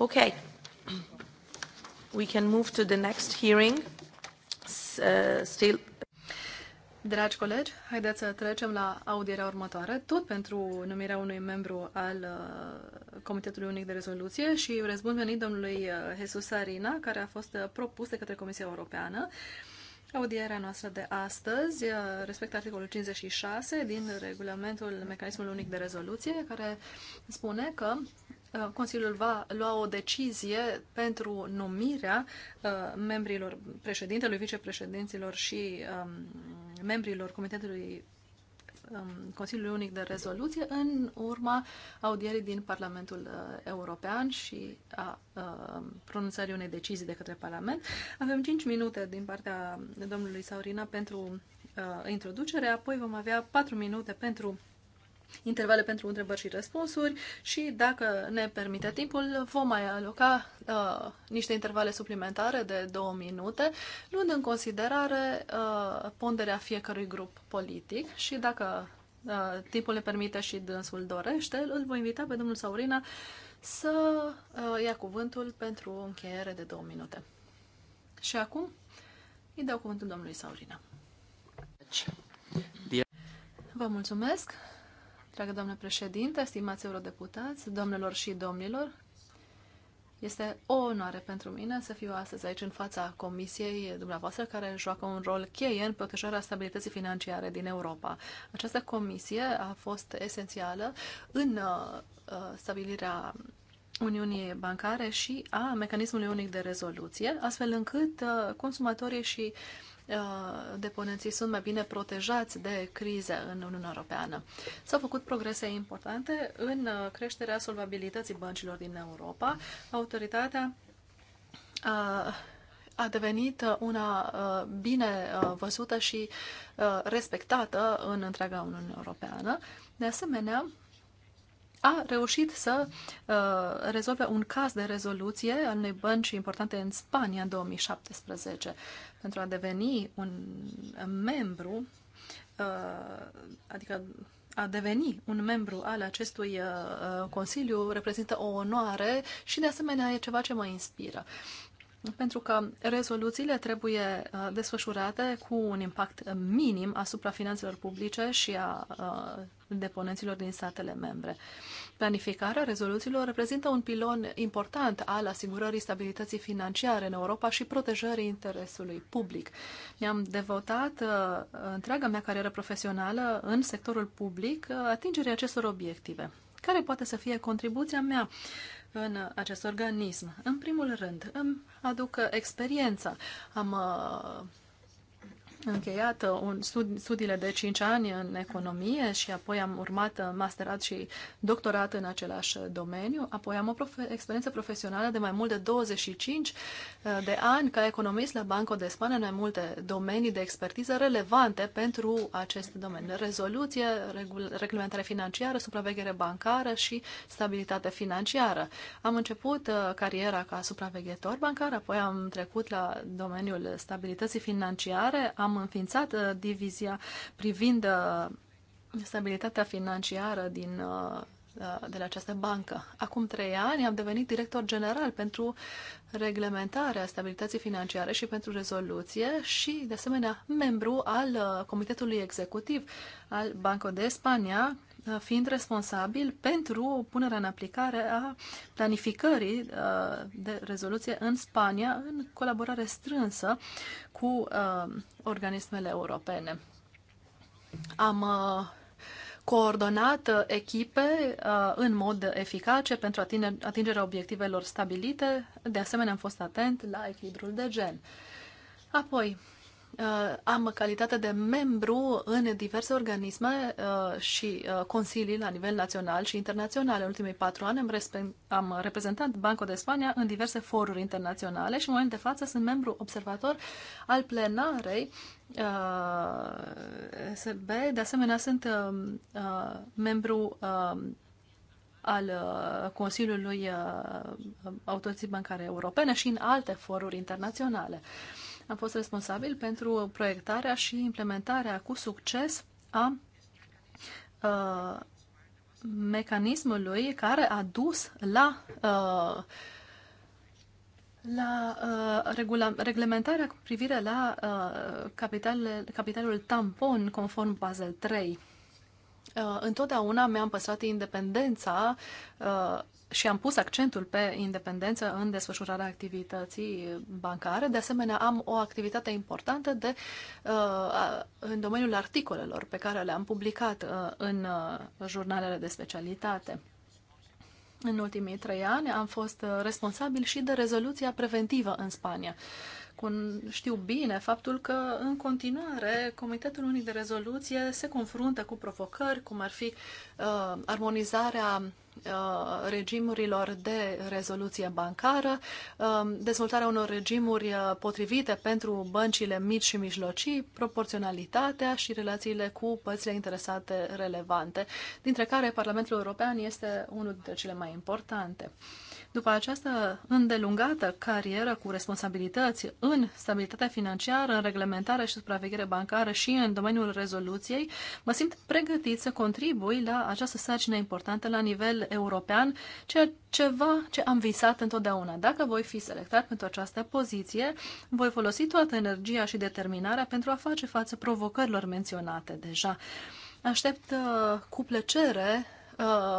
Okay. We can move to the next hearing. uh, still Dragi colegi, haideți să trecem la audierea următoare, tot pentru numirea unui membru al uh, Comitetului Unic de Rezoluție și răspund venit domnului uh, Jesus Arina, care a fost uh, propus de către Comisia Europeană. Audierea noastră de astăzi respectă articolul 56 din regulamentul Mecanismului Unic de Rezoluție, care spune că Uh, Consiliul va lua o decizie pentru numirea uh, membrilor președintelui, vicepreședinților și um, membrilor Comitetului um, Consiliului Unic de Rezoluție în urma audierii din Parlamentul uh, European și a pronunțării unei decizii de către Parlament. Avem 5 minute din partea domnului Saurina pentru introducere, apoi vom avea 4 minute pentru intervale pentru întrebări și răspunsuri și, dacă ne permite timpul, vom mai aloca uh, niște intervale suplimentare de două minute, luând în considerare uh, ponderea fiecărui grup politic și, dacă uh, timpul ne permite și dânsul dorește, îl voi invita pe domnul Saurina să uh, ia cuvântul pentru o încheiere de două minute. Și acum îi dau cuvântul domnului Saurina. Vă mulțumesc. Dragă doamnă președinte, stimați eurodeputați, domnilor și domnilor, este o onoare pentru mine să fiu astăzi aici în fața comisiei dumneavoastră care joacă un rol cheie în protejarea stabilității financiare din Europa. Această comisie a fost esențială în uh, uh, stabilirea Uniunii Bancare și a mecanismului unic de rezoluție, astfel încât uh, consumatorii și uh, Uh, deponenții sunt mai bine protejați de crize în Uniunea Europeană. S-au făcut progrese importante în uh, creșterea solvabilității băncilor din Europa. Autoritatea uh, a devenit una bine văzută și respectată în întreaga Uniune Europeană. De asemenea, a reușit să uh, rezolve un caz de rezoluție al unei bănci importante în Spania în 2017 pentru a deveni un membru, uh, adică a deveni un membru al acestui uh, uh consiliu reprezintă o onoare și de asemenea e ceva ce mă inspiră pentru că rezoluțiile trebuie uh, desfășurate cu un impact minim asupra finanțelor publice și a uh, deponenților din statele membre. Planificarea rezoluțiilor reprezintă un pilon important al asigurării stabilității financiare în Europa și protejării interesului public. Mi-am devotat uh, întreaga mea carieră profesională în sectorul public atingerii acestor obiective. Care poate să fie contribuția mea în acest organism? În primul rând, îmi aduc experiența. Am uh, încheiat uh, un studi- studiile de 5 ani în economie și apoi am urmat uh, masterat și doctorat în același uh, domeniu. Apoi am o profe- experiență profesională de mai mult de 25 de ani ca economist la Banco de Spania în mai multe domenii de expertiză relevante pentru acest domeniu. Rezoluție, regul- reglementare financiară, supraveghere bancară și stabilitate financiară. Am început cariera ca supraveghetor bancar, apoi am trecut la domeniul stabilității financiare, am am înființat uh, divizia privind uh, stabilitatea financiară din, uh, de la această bancă. Acum trei ani am devenit director general pentru reglementarea stabilității financiare și pentru rezoluție și, de asemenea, membru al Comitetului Executiv al Banco de Spania, Uh, fiind responsabil pentru punerea în aplicare a planificării uh, de rezoluție în Spania, în colaborare strânsă cu uh, organismele europene. Am coordonat echipe în mod eficace pentru atingerea obiectivelor stabilite. De asemenea, am fost atent la echilibrul de gen. Apoi, Uh, am calitate de membru în diverse organisme uh, și uh, consilii la nivel național și internațional. În ultimii patru ani am, am reprezentat Banco de Spania în diverse foruri internaționale și în momentul de față sunt membru observator al plenarei SB. De asemenea, sunt membru al Consiliului Autorității Bancare Europene și în alte foruri internaționale. Uh, a fost responsabil pentru proiectarea și implementarea cu succes a, uh, mecanismului care a dus la uh, la uh, regula, reglementarea cu privire la uh, capitalul tampon conform Basel 3. Uh, întotdeauna mi-am păstrat independența uh, și am pus accentul pe independență în desfășurarea activității bancare. De asemenea, am o activitate importantă de, uh, în domeniul articolelor pe care le-am publicat în jurnalele de specialitate. În ultimii trei ani am fost responsabil și de rezoluția preventivă în Spania știu bine faptul că, în continuare, Comitetul Unic de Rezoluție se confruntă cu provocări, cum ar fi uh, armonizarea uh, regimurilor de rezoluție bancară, uh, dezvoltarea unor regimuri uh, potrivite pentru băncile mici și mijlocii, proporționalitatea și relațiile cu părțile interesate relevante, dintre care Parlamentul European este unul dintre cele mai importante. După această îndelungată carieră cu responsabilități în stabilitatea financiară, în reglementare și supraveghere bancară și în domeniul rezoluției, mă simt pregătit să contribui la această sarcină importantă la nivel european, ceea ceva ce am visat întotdeauna. Dacă voi fi selectat pentru această poziție, voi folosi toată energia și determinarea pentru a face față provocărilor menționate deja. Aștept uh, cu plăcere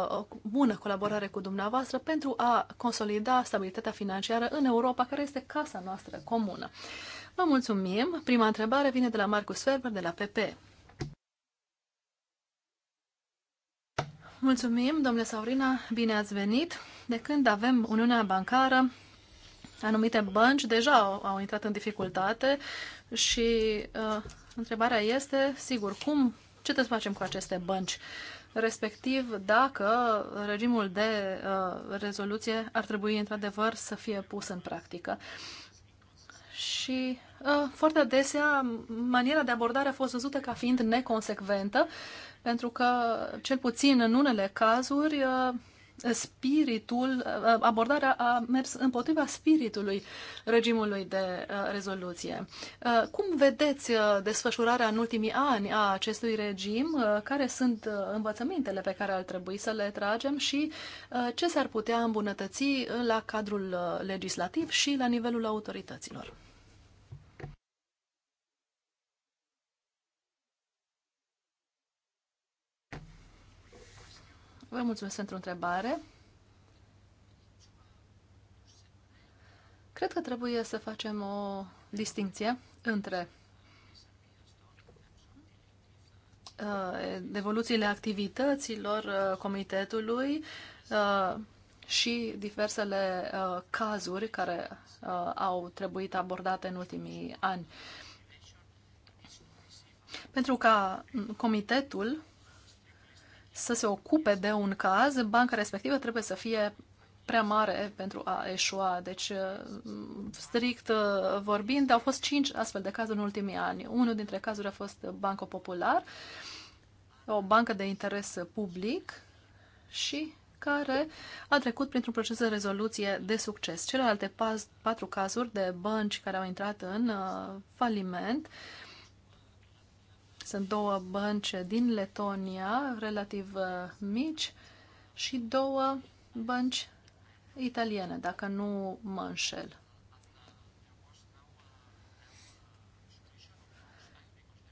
o uh, bună colaborare cu dumneavoastră pentru a consolida stabilitatea financiară în Europa, care este casa noastră comună. Vă mulțumim. Prima întrebare vine de la Marcus Ferber, de la PP. Mulțumim, domnule Saurina, bine ați venit. De când avem Uniunea Bancară, anumite bănci deja au, au intrat în dificultate și uh, întrebarea este, sigur, cum, ce trebuie să facem cu aceste bănci? respectiv dacă regimul de uh, rezoluție ar trebui într-adevăr să fie pus în practică. Și uh, foarte adesea maniera de abordare a fost văzută ca fiind neconsecventă, pentru că, cel puțin în unele cazuri, uh, spiritul, uh, abordarea a mers împotriva spiritului regimului de uh, rezoluție. Uh, cum vedeți desfășurarea în ultimii ani a acestui regim? Care sunt învățămintele pe care ar trebui să le tragem și ce s-ar putea îmbunătăți la cadrul legislativ și la nivelul autorităților? Vă mulțumesc pentru întrebare. Cred că trebuie să facem o distinție între uh, evoluțiile activităților uh, comitetului uh, și diversele cazuri care au trebuit abordate în ultimii ani. Pentru ca comitetul să se ocupe de un caz, banca respectivă trebuie să fie prea mare pentru a eșua. Deci, strict vorbind, au fost cinci astfel de cazuri în ultimii ani. Unul dintre cazuri a fost Banco Popular, o bancă de interes public și care a trecut printr-un proces de rezoluție de succes. Celelalte patru cazuri de bănci care au intrat în uh, faliment sunt două bănci din Letonia, relativ uh, mici, și două bănci italiene, dacă nu mă înșel.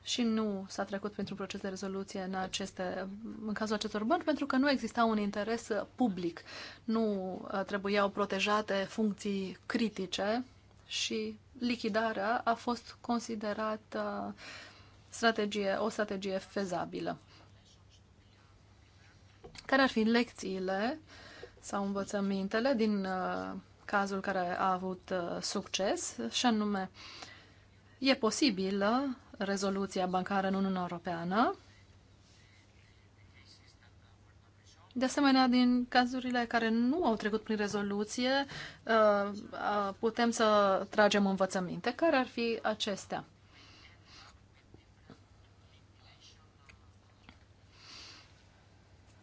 și nu s-a trecut printr-un proces de rezoluție în, aceste, în cazul acestor bănci pentru că nu exista un interes public. Nu uh, trebuiau protejate funcții critice și lichidarea a fost considerată strategie, o strategie fezabilă. Care ar fi lecțiile sau învățămintele din uh, cazul care a avut uh, succes și anume e posibilă rezoluția bancară în Uniunea Europeană, De asemenea, din cazurile care nu au trecut prin rezoluție, uh, putem să tragem învățăminte. Care ar fi acestea?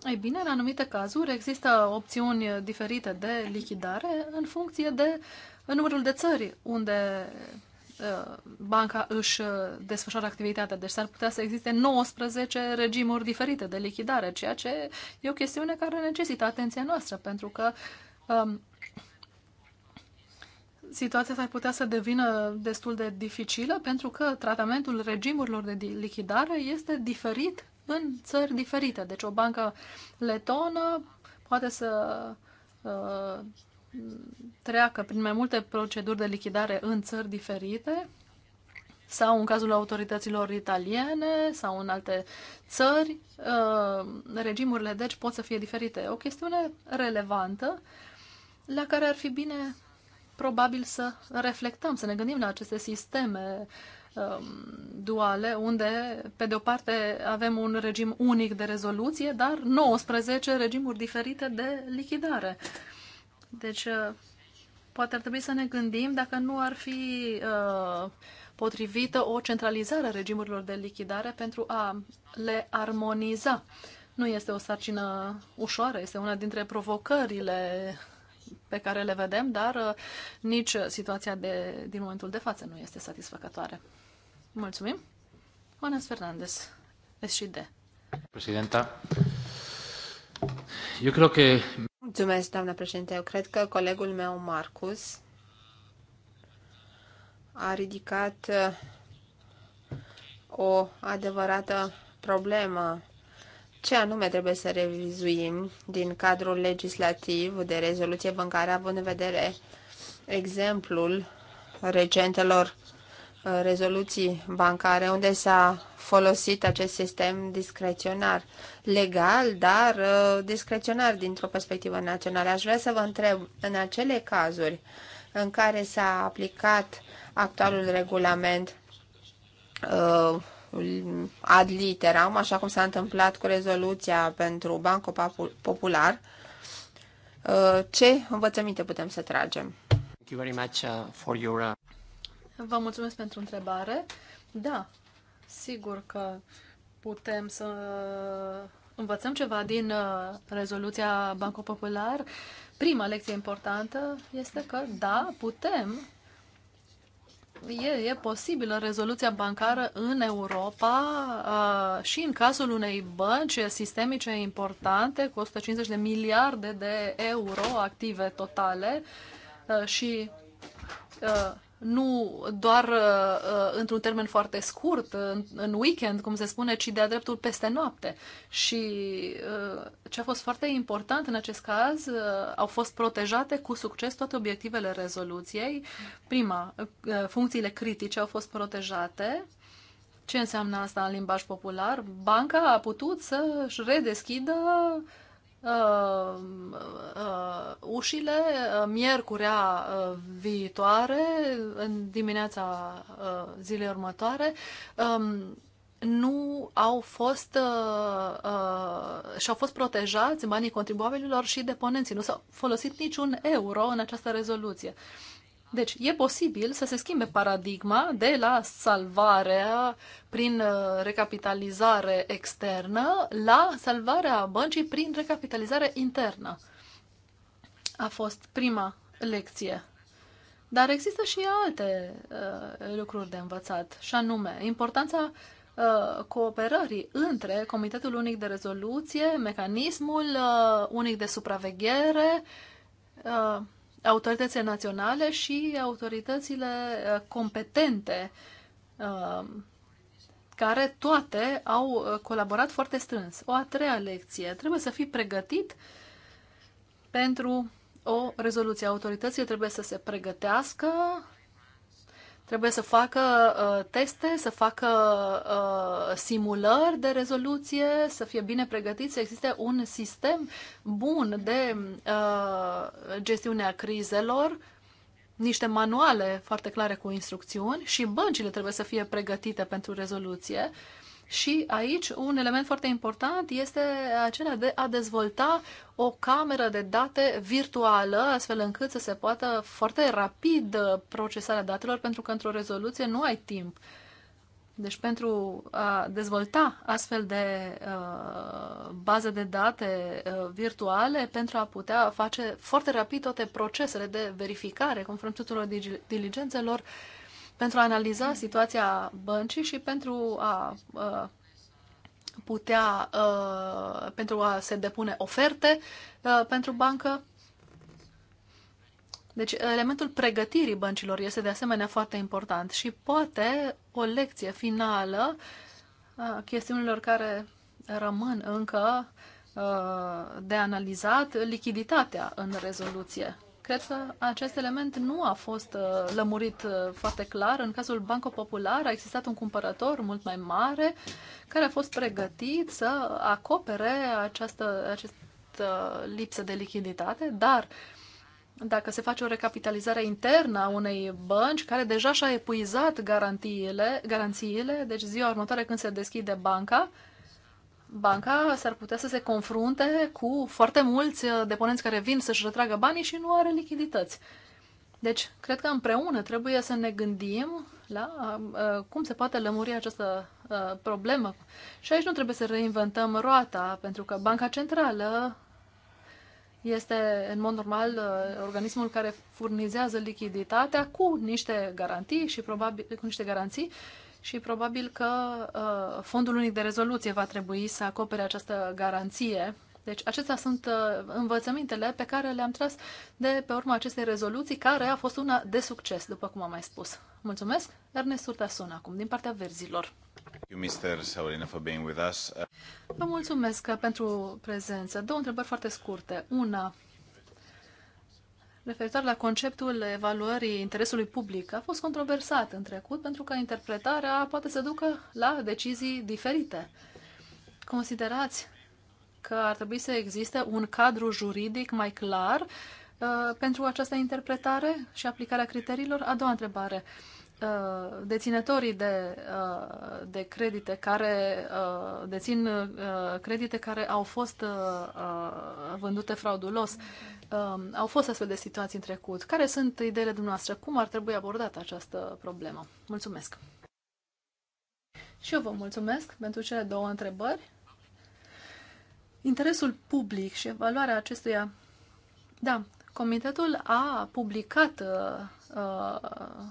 Ei bine, în anumite cazuri există opțiuni diferite de lichidare în funcție de numărul de țări unde ă, banca își desfășoară activitatea. Deci s-ar putea să existe 19 regimuri diferite de lichidare, ceea ce e o chestiune care necesită atenția noastră, pentru că um, situația s-ar putea să devină destul de dificilă, pentru că tratamentul regimurilor de lichidare este diferit în țări diferite. Deci o bancă letonă poate să uh, treacă prin mai multe proceduri de lichidare în țări diferite sau în cazul autorităților italiene sau în alte țări, uh, regimurile deci pot să fie diferite. O chestiune relevantă la care ar fi bine probabil să reflectăm, să ne gândim la aceste sisteme uh, Um, duale, unde, pe de o parte, avem un regim unic de rezoluție, dar 19 regimuri diferite de lichidare. Deci, uh, poate ar trebui să ne gândim dacă nu ar fi uh, potrivită o centralizare a regimurilor de lichidare pentru a le armoniza. Nu este o sarcină ușoară, este una dintre provocările pe care le vedem, dar uh, nici situația de, din momentul de față nu este satisfăcătoare. Mulțumim. Juanes Fernandez, SCD. Președinta, eu cred că... Mulțumesc, doamna președinte. Eu cred că colegul meu, Marcus, a ridicat uh, o adevărată problemă ce anume trebuie să revizuim din cadrul legislativ de rezoluție bancară, având în vedere exemplul recentelor uh, rezoluții bancare, unde s-a folosit acest sistem discreționar, legal, dar uh, discreționar dintr-o perspectivă națională. Aș vrea să vă întreb, în acele cazuri în care s-a aplicat actualul regulament uh, ad literam, așa cum s-a întâmplat cu rezoluția pentru Banco Popular, uh, ce învățăminte putem să tragem? Thank you very much uh, for your. Uh, Vă mulțumesc pentru întrebare. Da, sigur că putem să învățăm ceva din rezoluția Banco Popular. Prima lecție importantă este că, da, putem e, e posibilă rezoluția bancară în Europa uh, și în cazul unei bănci sistemice importante cu 150 de miliarde de euro active totale uh, și uh, nu doar uh, uh, într-un termen foarte scurt, în, în weekend, cum se spune, ci de-a dreptul peste noapte. Și uh, ce a fost foarte important în acest caz, uh, au fost protejate cu succes toate obiectivele rezoluției. Prima, uh, funcțiile critice au fost protejate. Ce înseamnă asta în limbaj popular? Banca a putut să-și redeschidă uh, uh, uh, ușile uh, miercurea uh, viitoare, în dimineața uh, zilei următoare, um, nu au fost uh, uh, și au fost protejați banii contribuabililor și deponenții. Nu s-a folosit niciun euro în această rezoluție. Uh, deci, e posibil să se schimbe paradigma de la salvarea prin uh, recapitalizare externă la salvarea băncii prin recapitalizare internă. A fost prima lecție. Dar există și alte uh, lucruri de învățat, și anume importanța uh, cooperării între Comitetul Unic de Rezoluție, mecanismul uh, unic de supraveghere, uh, autoritățile naționale și autoritățile uh, competente, uh, care toate au uh, colaborat foarte strâns. O a treia lecție. Trebuie să fii pregătit pentru o rezoluție. Autoritățile trebuie să se pregătească Trebuie să facă uh, teste, să facă uh, simulări de rezoluție, să fie bine pregătiți, să existe un sistem bun de uh, gestiune a crizelor, niște manuale foarte clare cu instrucțiuni și băncile trebuie să fie pregătite pentru rezoluție. Uh, și aici un element foarte important este acela de a dezvolta o cameră de date virtuală, astfel încât să se poată foarte rapid procesarea datelor, pentru că într-o rezoluție nu ai timp. Deci pentru a dezvolta astfel de uh, baze de date uh, virtuale, pentru a putea face foarte rapid toate procesele de verificare conform tuturor diligențelor, uh, pentru a analiza situația băncii și pentru a uh, putea, uh, pentru a se depune oferte uh, pentru bancă. Deci elementul pregătirii băncilor este de asemenea foarte important și poate o lecție finală a chestiunilor care rămân încă de analizat, lichiditatea în rezoluție. Cred că acest element nu a fost uh, lămurit uh, foarte clar. În cazul Banco Popular a existat un cumpărător mult mai mare care a fost pregătit să acopere această, această lipsă de lichiditate, dar dacă se face o recapitalizare internă a unei bănci care deja și-a epuizat garantiile, garanțiile, deci ziua următoare când se deschide banca, uh, banca s-ar putea să se confrunte cu foarte mulți uh, deponenți care vin să-și retragă banii și nu are lichidități. Deci, cred că împreună trebuie să ne gândim la uh, uh, cum se poate lămuri această uh, problemă. Și aici nu trebuie să reinventăm roata, pentru că Banca Centrală este, în mod normal, uh, organismul care furnizează lichiditatea cu niște garantii și probabil cu niște garanții uh, și probabil că uh, Fondul Unic de Rezoluție va trebui să acopere această garanție. Deci acestea sunt uh, învățămintele pe care le-am tras de pe urma acestei rezoluții, care a fost una de succes, după cum am mai spus. Mulțumesc, Ernest Urtasun, acum, din partea verzilor. Vă mulțumesc pentru prezență. Două întrebări foarte scurte. Una, referitor la conceptul evaluării interesului public a fost controversat în trecut pentru că interpretarea poate să ducă la decizii diferite. Considerați că ar trebui să existe un cadru juridic mai clar uh, pentru această interpretare și aplicarea criteriilor? A doua întrebare. Uh, Uh, deținătorii de, uh, de credite care uh, dețin credite care au fost vândute fraudulos. Um, au fost astfel de situații în trecut. Care sunt ideile dumneavoastră? Cum ar trebui abordată această problemă? Mulțumesc! Și eu vă mulțumesc pentru cele două întrebări. Interesul public și evaluarea acestuia. Da, comitetul a publicat uh,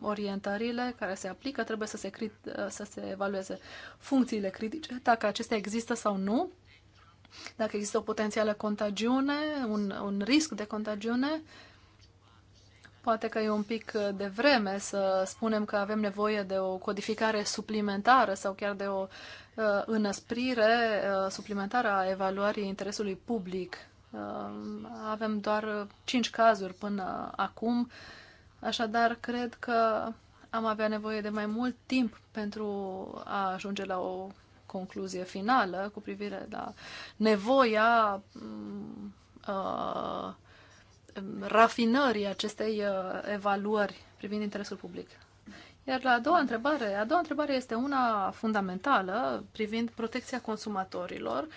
orientările care se aplică, trebuie să se, să se evalueze funcțiile critice, dacă acestea există sau nu, dacă există o potențială contagiune, un, un risc de contagiune. Poate că e un pic de vreme să spunem că avem nevoie de o codificare suplimentară sau chiar de o uh, înăsprire uh, suplimentară a evaluării interesului public. Uh, avem doar cinci cazuri până acum uh, Așadar, cred că am avea nevoie de mai mult timp pentru a ajunge la o concluzie finală cu privire la nevoia mm, uh, rafinării acestei uh, evaluări privind interesul public. Iar la a doua întrebare, a doua întrebare este una fundamentală privind protecția consumatorilor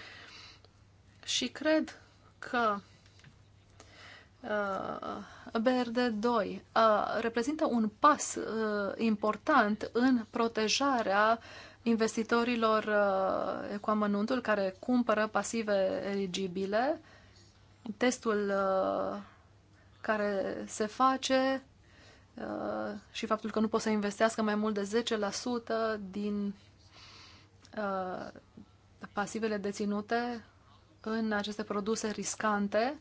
și cred că BRD2 uh, uh, reprezintă un pas uh, important în protejarea investitorilor cu amănuntul care cumpără pasive eligibile. Testul care se face și faptul că nu pot să investească mai mult de 10% din pasivele deținute în aceste produse riscante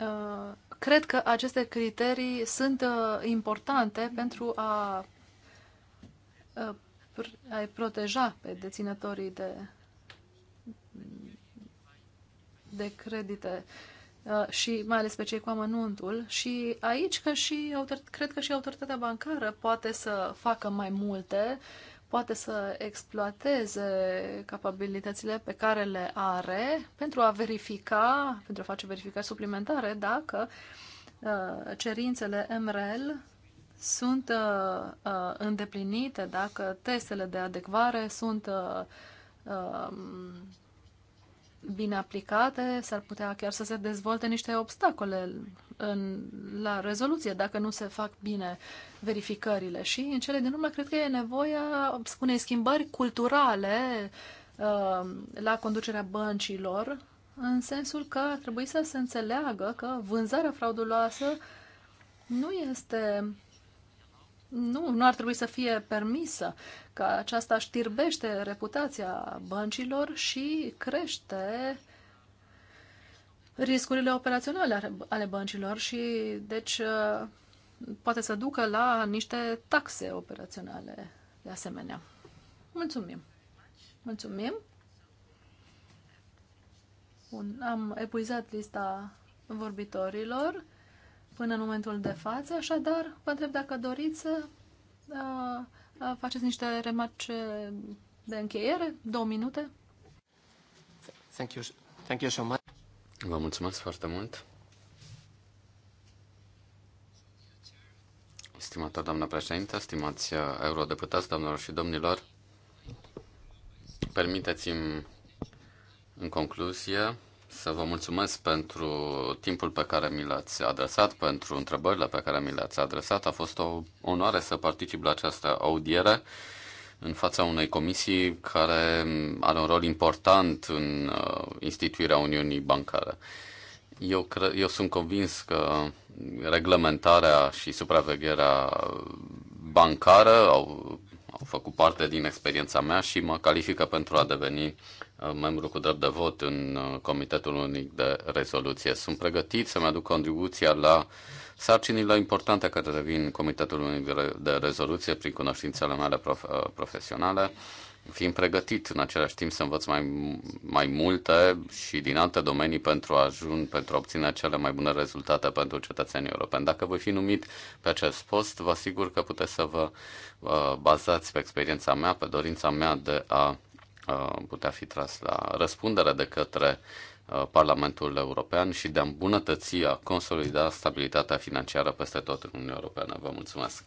Uh, cred că aceste criterii sunt uh, importante pentru a uh, a proteja pe deținătorii de, de credite și mai ales pe cei cu amănuntul. Și aici că și, cred că și autoritatea bancară poate să facă mai multe poate să exploateze capabilitățile pe care le are pentru a verifica, pentru a face verificări suplimentare dacă uh, cerințele MREL sunt uh, uh, îndeplinite, dacă testele de adecvare sunt bine aplicate, s-ar putea chiar să se dezvolte niște obstacole în, la rezoluție dacă nu se fac bine verificările. Și în cele din urmă cred că e nevoia unei schimbări culturale uh, la conducerea băncilor, în sensul că ar trebui să se înțeleagă că vânzarea frauduloasă nu este nu, nu ar trebui să fie permisă, că aceasta știrbește reputația băncilor și crește riscurile operaționale ale băncilor și deci uh, poate să ducă la niște taxe operaționale de asemenea. Mulțumim! Mulțumim! Bun, am epuizat lista vorbitorilor până în momentul de față. Așadar, vă întreb dacă doriți să uh, uh faceți niște remarci de încheiere, două minute. Thank you. Thank you so much. Vă mulțumesc foarte mult. Stimată doamnă președintă, stimați uh, eurodeputați, doamnelor și domnilor, permiteți-mi în concluzie să vă mulțumesc pentru timpul pe care mi l-ați adresat, pentru întrebările pe care mi le-ați adresat. A fost o onoare să particip la această audiere în fața unei comisii care are un rol important în uh, instituirea Uniunii Bancare. Eu, cre- eu sunt convins că reglementarea și supravegherea bancară au, au făcut parte din experiența mea și mă califică pentru a deveni Uh, membru cu drept de vot în uh, Comitetul Unic de Rezoluție. Sunt pregătit să-mi aduc contribuția la sarcinile importante care revin Comitetul Unic de Rezoluție prin cunoștințele mele prof- uh, profesionale, fiind pregătit în același timp să învăț mai, mai multe și din alte domenii pentru a ajunge, pentru a obține cele mai bune rezultate pentru cetățenii europeni. Dacă voi fi numit pe acest post, vă asigur că puteți să vă uh, bazați pe experiența mea, pe dorința mea de a putea fi tras la răspundere de către Parlamentul European și de a îmbunătăți, a consolida stabilitatea financiară peste tot în Uniunea Europeană. Vă mulțumesc!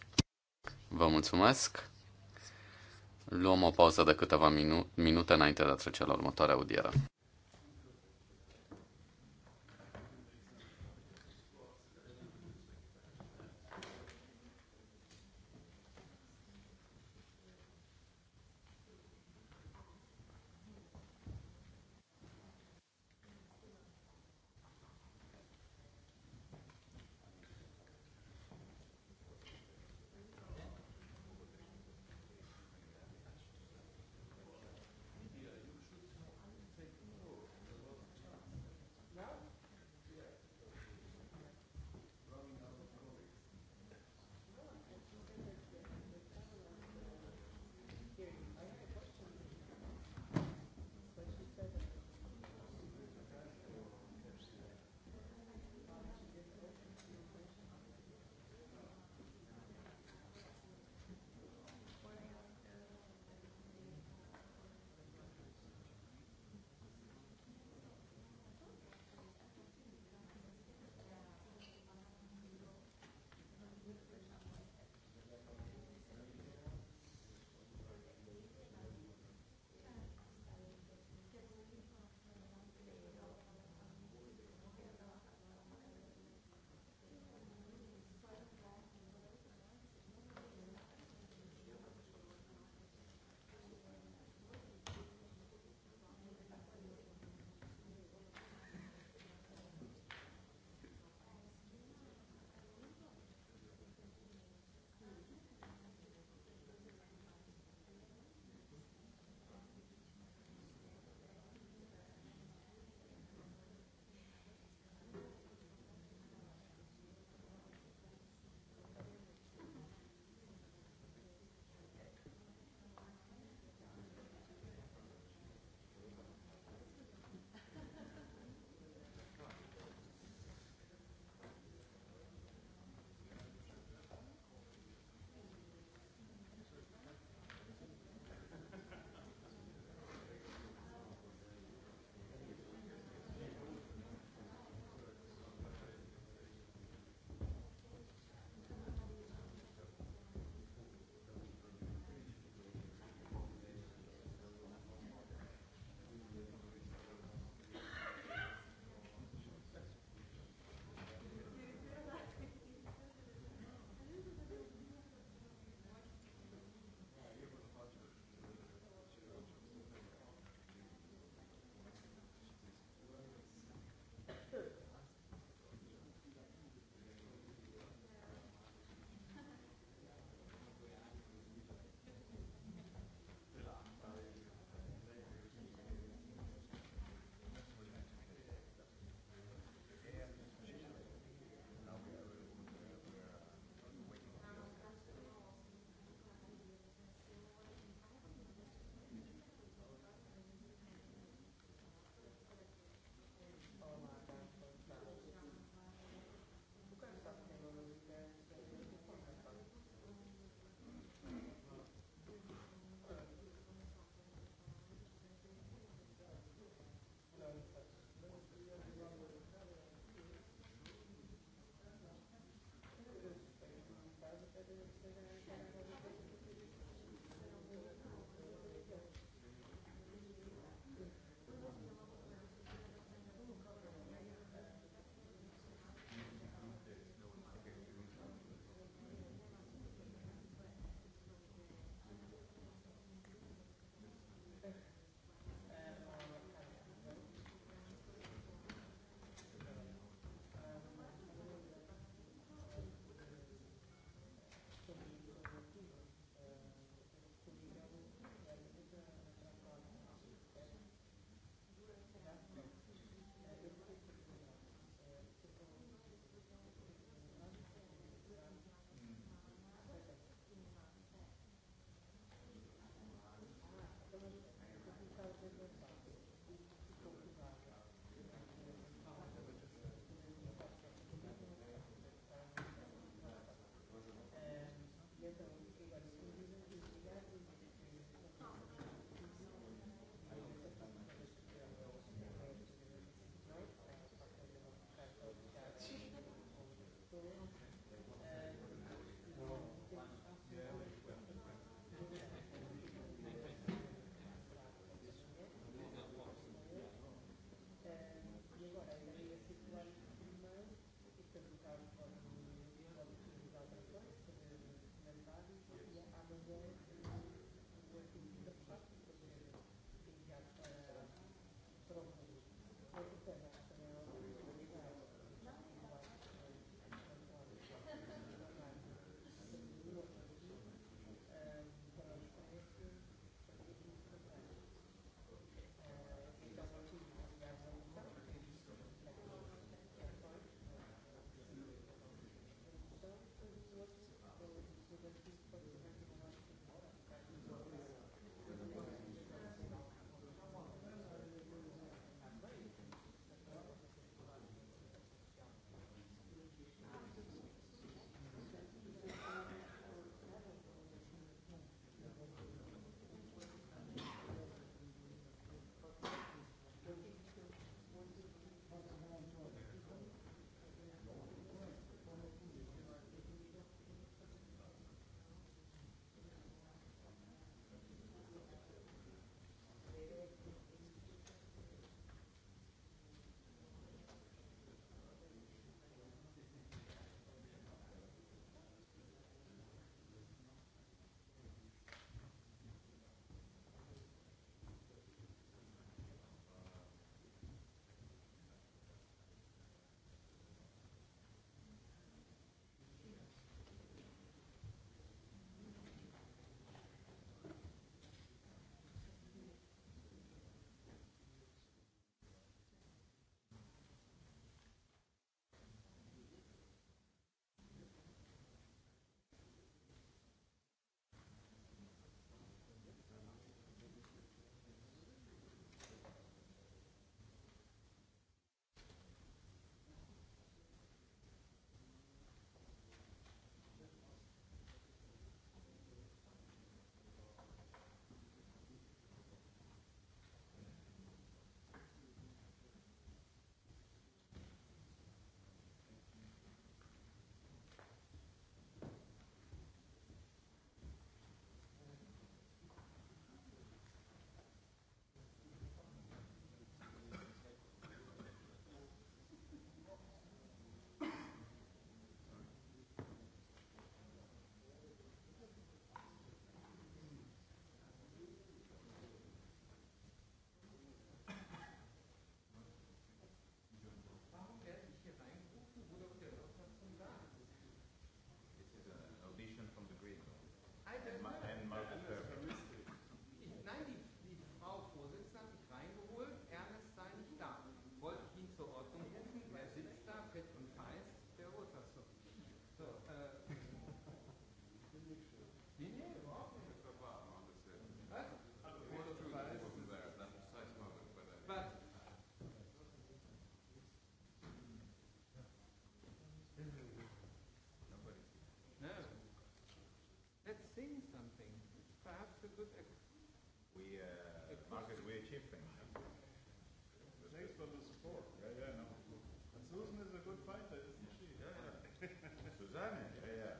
Vă mulțumesc! Luăm o pauză de câteva minu- minute înainte de a trece la următoarea audieră. We, uh, Marcus, we're chipping. The next one is four. Yeah, yeah, no. And Susan is a good fighter, isn't she? Yeah, yeah. Susanne, yeah, yeah.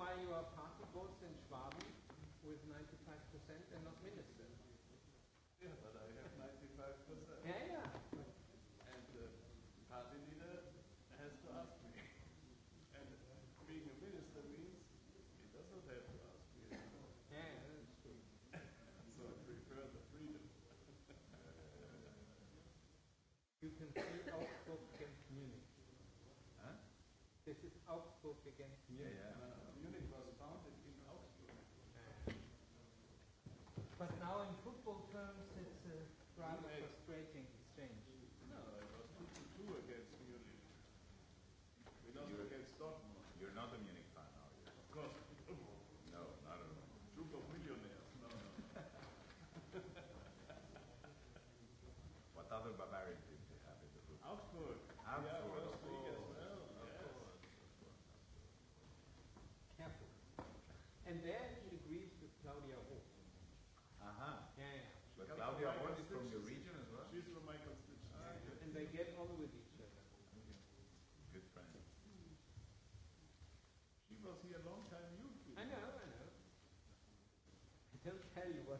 why your party votes in Schwaben with 95% and not minister. Yeah, but I have 95%. Yeah, yeah. And the uh, party leader has to ask me. And uh, being a minister means he doesn't have to ask me anymore. Yeah, yeah that's true. [LAUGHS] so I prefer the freedom. you can see Augsburg against Munich. Huh? This is Augsburg against Munich. Yeah, yeah. Uh,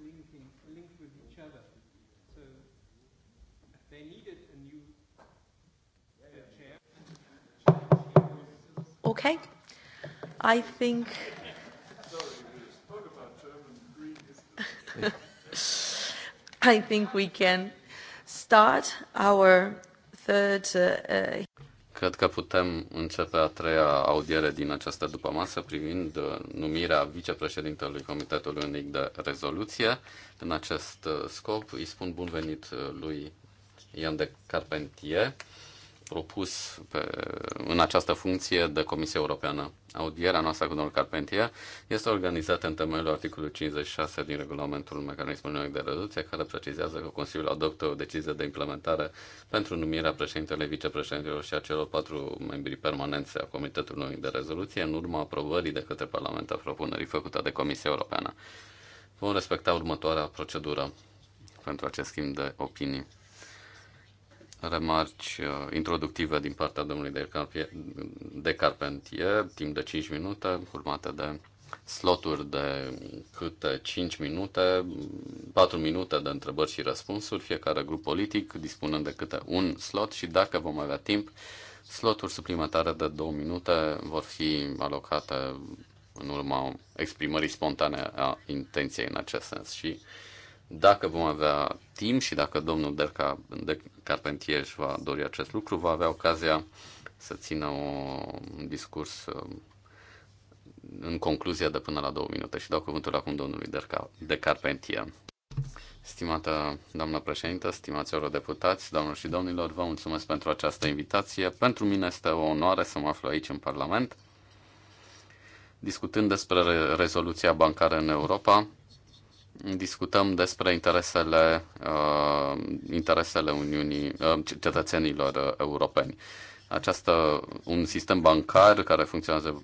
linking, linked with each other. So they needed a new uh, chair. Okay. I think. [LAUGHS] I think we can start our third uh, uh Cred că putem începe a treia audiere din această masă privind uh, numirea vicepreședintelui Comitetului Unic de Rezoluție. În acest uh, scop îi spun bun venit uh, lui Ian de Carpentier, propus pe, în această funcție de Comisia Europeană. Audierea noastră cu domnul Carpentier este organizată în temeiul articolului 56 din regulamentul mecanismului de rezoluție, care precizează că Consiliul adoptă o decizie de implementare pentru numirea președintele, vicepreședintelor și a celor patru membri permanenți a Comitetului de Rezoluție în urma aprobării de către Parlament a propunerii făcute de Comisia Europeană. Vom respecta următoarea procedură pentru acest schimb de opinii remarci uh, introductive din partea domnului de, Carpie, de Carpentier, timp de 5 minute, urmate de sloturi de câte 5 minute, 4 minute de întrebări și răspunsuri, fiecare grup politic dispunând de câte un slot și dacă vom avea timp, sloturi suplimentare de 2 minute vor fi alocate în urma exprimării spontane a intenției în acest sens și dacă vom avea timp și dacă domnul Delca de Carpentier își va dori acest lucru, va avea ocazia să țină o, un discurs um, în concluzia de până la două minute și dau cuvântul acum domnului de Carpentier. Stimată doamnă președintă, stimați eurodeputați, doamnelor și domnilor, vă mulțumesc pentru această invitație. Pentru mine este o onoare să mă aflu aici în Parlament, discutând despre rezoluția bancară în Europa, discutăm despre interesele, uh, interesele Uniunii, uh, cetățenilor uh, europeni. Această, un sistem bancar care funcționează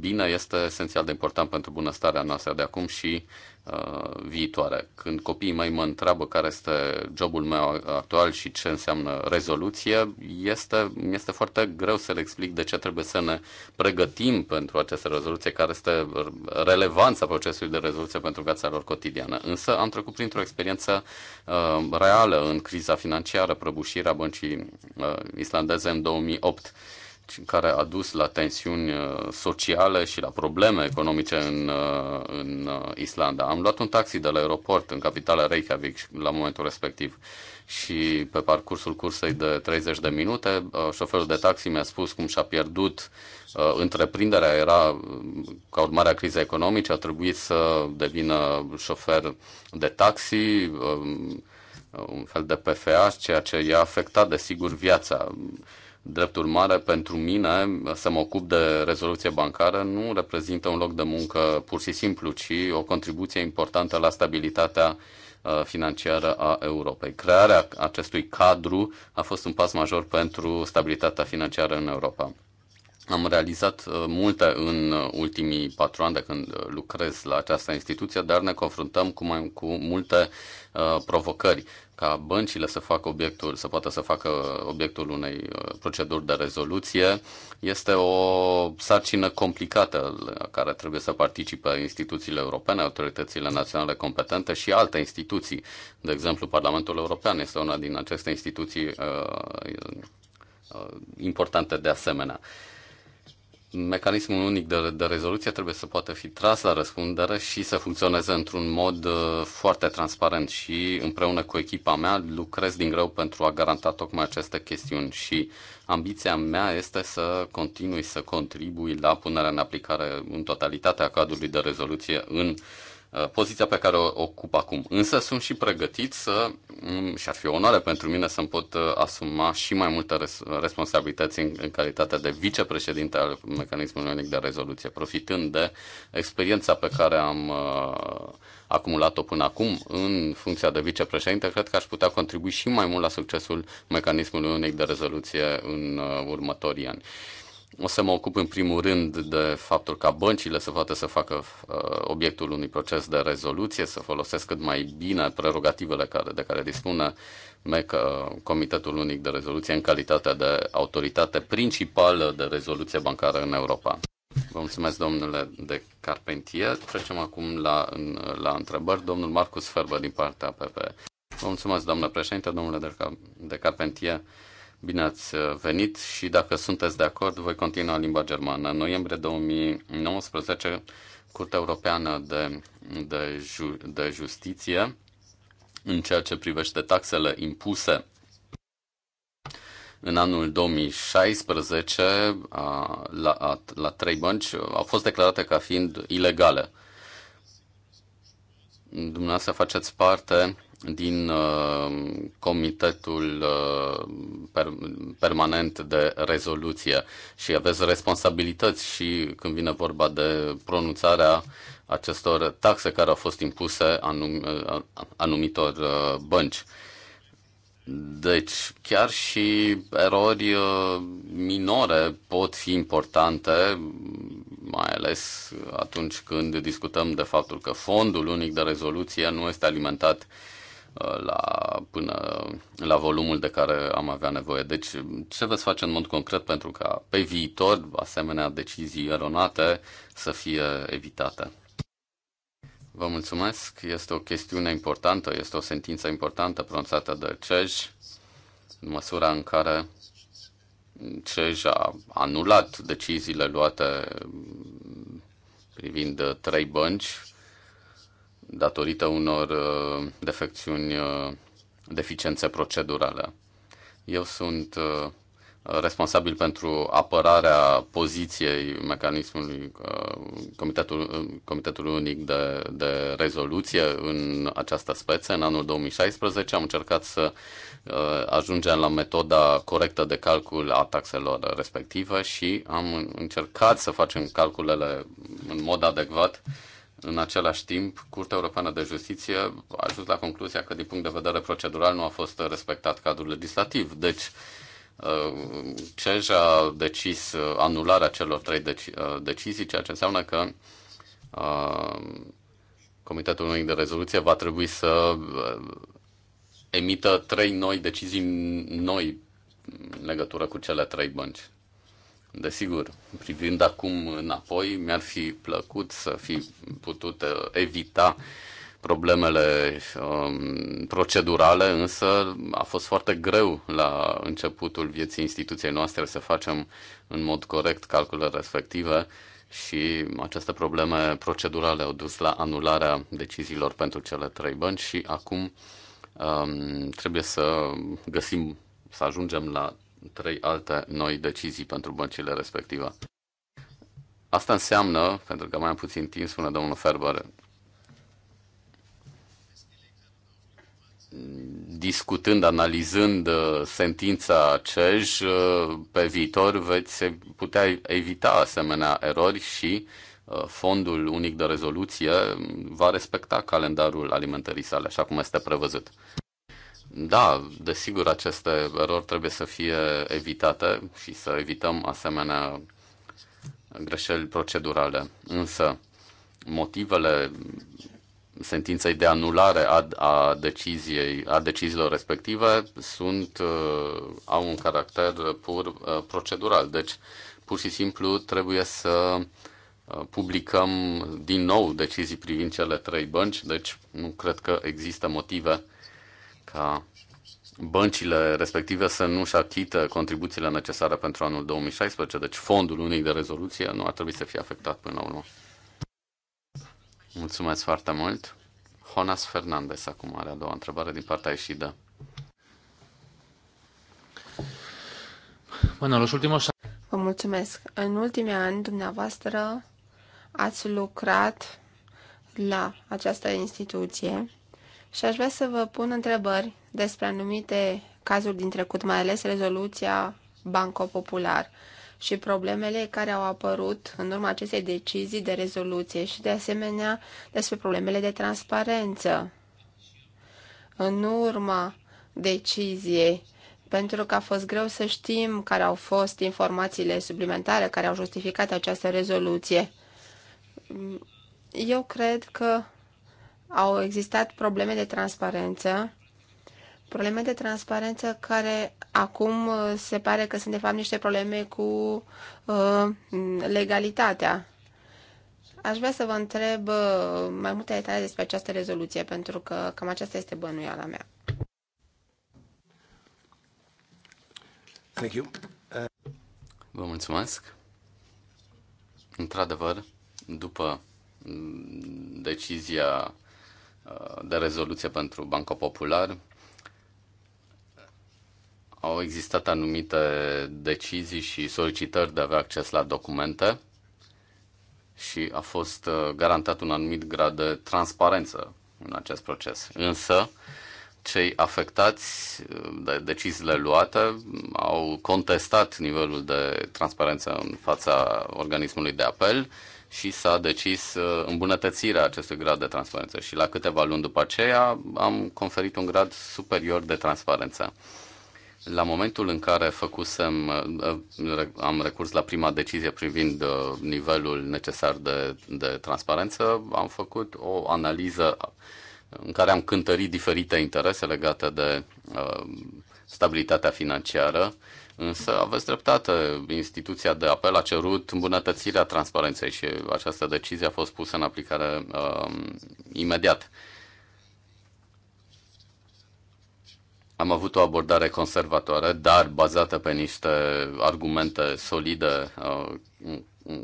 bine este esențial de important pentru bunăstarea noastră de acum și Uh, viitoare. Când copiii mei mă întreabă care este jobul meu actual și ce înseamnă rezoluție, este, este foarte greu să le explic de ce trebuie să ne pregătim pentru această rezoluție, care este relevanța procesului de rezoluție pentru viața lor cotidiană. Însă am trecut printr-o experiență uh, reală în criza financiară, prăbușirea băncii uh, islandeze în 2008 care a dus la tensiuni uh, sociale și la probleme economice în, uh, în uh, Islanda. Am luat un taxi de la aeroport în capitala Reykjavik la momentul respectiv și pe parcursul cursei de 30 de minute, șoferul de taxi mi-a spus cum și-a pierdut întreprinderea, era ca urmare a crizei economice, a trebuit să devină șofer de taxi, um, un fel de PFA, ceea ce i-a afectat, desigur, viața Drept urmare, pentru mine, să mă ocup de rezoluție bancară nu reprezintă un loc de muncă pur și simplu, ci o contribuție importantă la stabilitatea uh, financiară a Europei. Crearea acestui cadru a fost un pas major pentru stabilitatea financiară în Europa. Am realizat uh, multe în ultimii patru ani de când lucrez la această instituție, dar ne confruntăm cu, mai, cu multe uh, provocări ca băncile să facă obiectul, să poată să facă obiectul unei uh, proceduri de rezoluție, este o sarcină complicată la care trebuie să participe instituțiile europene, autoritățile naționale competente și alte instituții. De exemplu, Parlamentul European este una din aceste instituții uh, uh importante de asemenea. Uh, mecanismul unic de, de rezoluție trebuie să poată fi tras la răspundere și să funcționeze într-un mod uh, foarte transparent și împreună cu echipa mea lucrez din greu pentru a garanta tocmai aceste chestiuni și ambiția mea este să continui să contribui la punerea în aplicare în totalitatea cadrului de rezoluție în uh, Uh, poziția pe care o ocup acum. Însă sunt și pregătit să, mm, și ar fi o onoare pentru mine să-mi pot uh, asuma și mai multe res- responsabilități în, în calitate de vicepreședinte al Mecanismului Unic de Rezoluție, profitând de experiența pe care am uh, acumulat-o până acum în funcția de vicepreședinte, cred că aș putea contribui și mai mult la succesul Mecanismului Unic de Rezoluție în uh, următorii ani. O să mă ocup în primul rând de faptul ca băncile să poată să facă uh, obiectul unui proces de rezoluție, să folosesc cât mai bine prerogativele care, de care dispune MEC, uh, Comitetul Unic de Rezoluție, în calitate de autoritate principală de rezoluție bancară în Europa. Vă mulțumesc, domnule de Carpentier. Trecem acum la, la întrebări. Domnul Marcus Ferbă din partea PP. Vă mulțumesc, doamnă președinte, domnule de, de Carpentier. Bine ați uh, venit și dacă sunteți de acord, voi continua în limba germană. În noiembrie 2019, Curtea Europeană de, de, ju, de Justiție, în ceea ce privește taxele impuse în anul 2016 a, la, a, la trei bănci, au fost declarate ca fiind ilegale. Dumneavoastră faceți parte din uh, Comitetul uh, per, Permanent de Rezoluție și aveți responsabilități și când vine vorba de pronunțarea acestor taxe care au fost impuse anum, uh, anumitor uh, bănci. Deci, chiar și erori uh, minore pot fi importante, mai ales atunci când discutăm de faptul că fondul unic de rezoluție nu este alimentat uh, Uh, la, până la volumul de care am avea nevoie. Deci, ce veți face în mod concret pentru ca pe viitor asemenea decizii eronate să fie evitate? Vă mulțumesc. Este o chestiune importantă, este o sentință importantă pronunțată de CEJ, în măsura în care CEJ a anulat deciziile luate privind trei bănci datorită unor uh, defecțiuni, uh, deficiențe procedurale. Eu sunt uh, responsabil pentru apărarea poziției mecanismului Comitetul, Comitetului Unic de, de Rezoluție în această speță. În anul 2016 am încercat să ajungem la metoda corectă de calcul a taxelor respective și am încercat să facem calculele în mod adecvat în același timp, Curtea Europeană de Justiție a ajuns la concluzia că, din punct de vedere procedural, nu a fost respectat cadrul legislativ. Deci, uh, CEJ a decis uh, anularea celor trei deci, uh, decizii, ceea ce înseamnă că Comitetul Unic de Rezoluție va trebui să emită trei noi decizii noi în legătură cu cele trei bănci. Desigur, privind acum înapoi, mi-ar fi plăcut să fi putut uh, evita problemele um, procedurale, însă a fost foarte greu la începutul vieții instituției noastre să facem în mod corect calculele respective și aceste probleme procedurale au dus la anularea deciziilor pentru cele trei bănci și acum um, trebuie să găsim, să ajungem la trei alte noi decizii pentru băncile respective. Asta înseamnă, pentru că mai am puțin timp, spune domnul Ferber, discutând, analizând uh, sentința CEJ, uh, pe viitor veți putea evita asemenea erori și uh, fondul unic de rezoluție va respecta calendarul alimentării sale, așa cum este prevăzut. Da, desigur, aceste erori trebuie să fie evitate și să evităm asemenea greșeli procedurale. Însă, motivele sentinței de anulare a, a, deciziei, a deciziilor respective sunt, uh, au un caracter pur uh, procedural. Deci, pur și simplu, trebuie să uh, publicăm din nou decizii privind cele trei bănci, deci nu cred că există motive ca băncile respective să nu-și achită contribuțiile necesare pentru anul 2016, deci fondul unic de rezoluție nu ar trebui să fie afectat până la urmă. Mulțumesc foarte mult. Jonas Fernandez acum are a doua întrebare din partea ieșită. los Vă mulțumesc. În ultimii ani, dumneavoastră ați lucrat la această instituție și aș vrea să vă pun întrebări despre anumite cazuri din trecut, mai ales rezoluția Banco Popular și problemele care au apărut în urma acestei decizii de rezoluție și, de asemenea, despre problemele de transparență. În urma deciziei, pentru că a fost greu să știm care au fost informațiile suplimentare care au justificat această rezoluție. Eu cred că au existat probleme de transparență, probleme de transparență care acum uh, se pare că sunt de fapt niște probleme cu uh, legalitatea. Aș vrea să vă întreb uh, mai multe detalii despre această rezoluție, pentru că cam aceasta este bănuiala mea. Thank you. Uh... Vă mulțumesc. Într-adevăr, după mm, decizia de rezoluție pentru Banca Popular, au existat anumite decizii și solicitări de a avea acces la documente și a fost uh, garantat un anumit grad de transparență în acest proces. Însă, cei afectați uh, de deciziile luate au contestat nivelul de transparență în fața organismului de apel și s-a decis uh, îmbunătățirea acestui grad de transparență și la câteva luni după aceea am conferit un grad superior de transparență. La momentul în care făcusem, uh, uh, am recurs la prima decizie privind nivelul necesar de, de transparență, am făcut o analiză în care am cântărit diferite interese legate de uh, stabilitatea financiară Însă aveți dreptate, instituția de apel a cerut îmbunătățirea transparenței și această decizie a fost pusă în aplicare uh, imediat. Am avut o abordare conservatoare, dar bazată pe niște argumente solide, uh,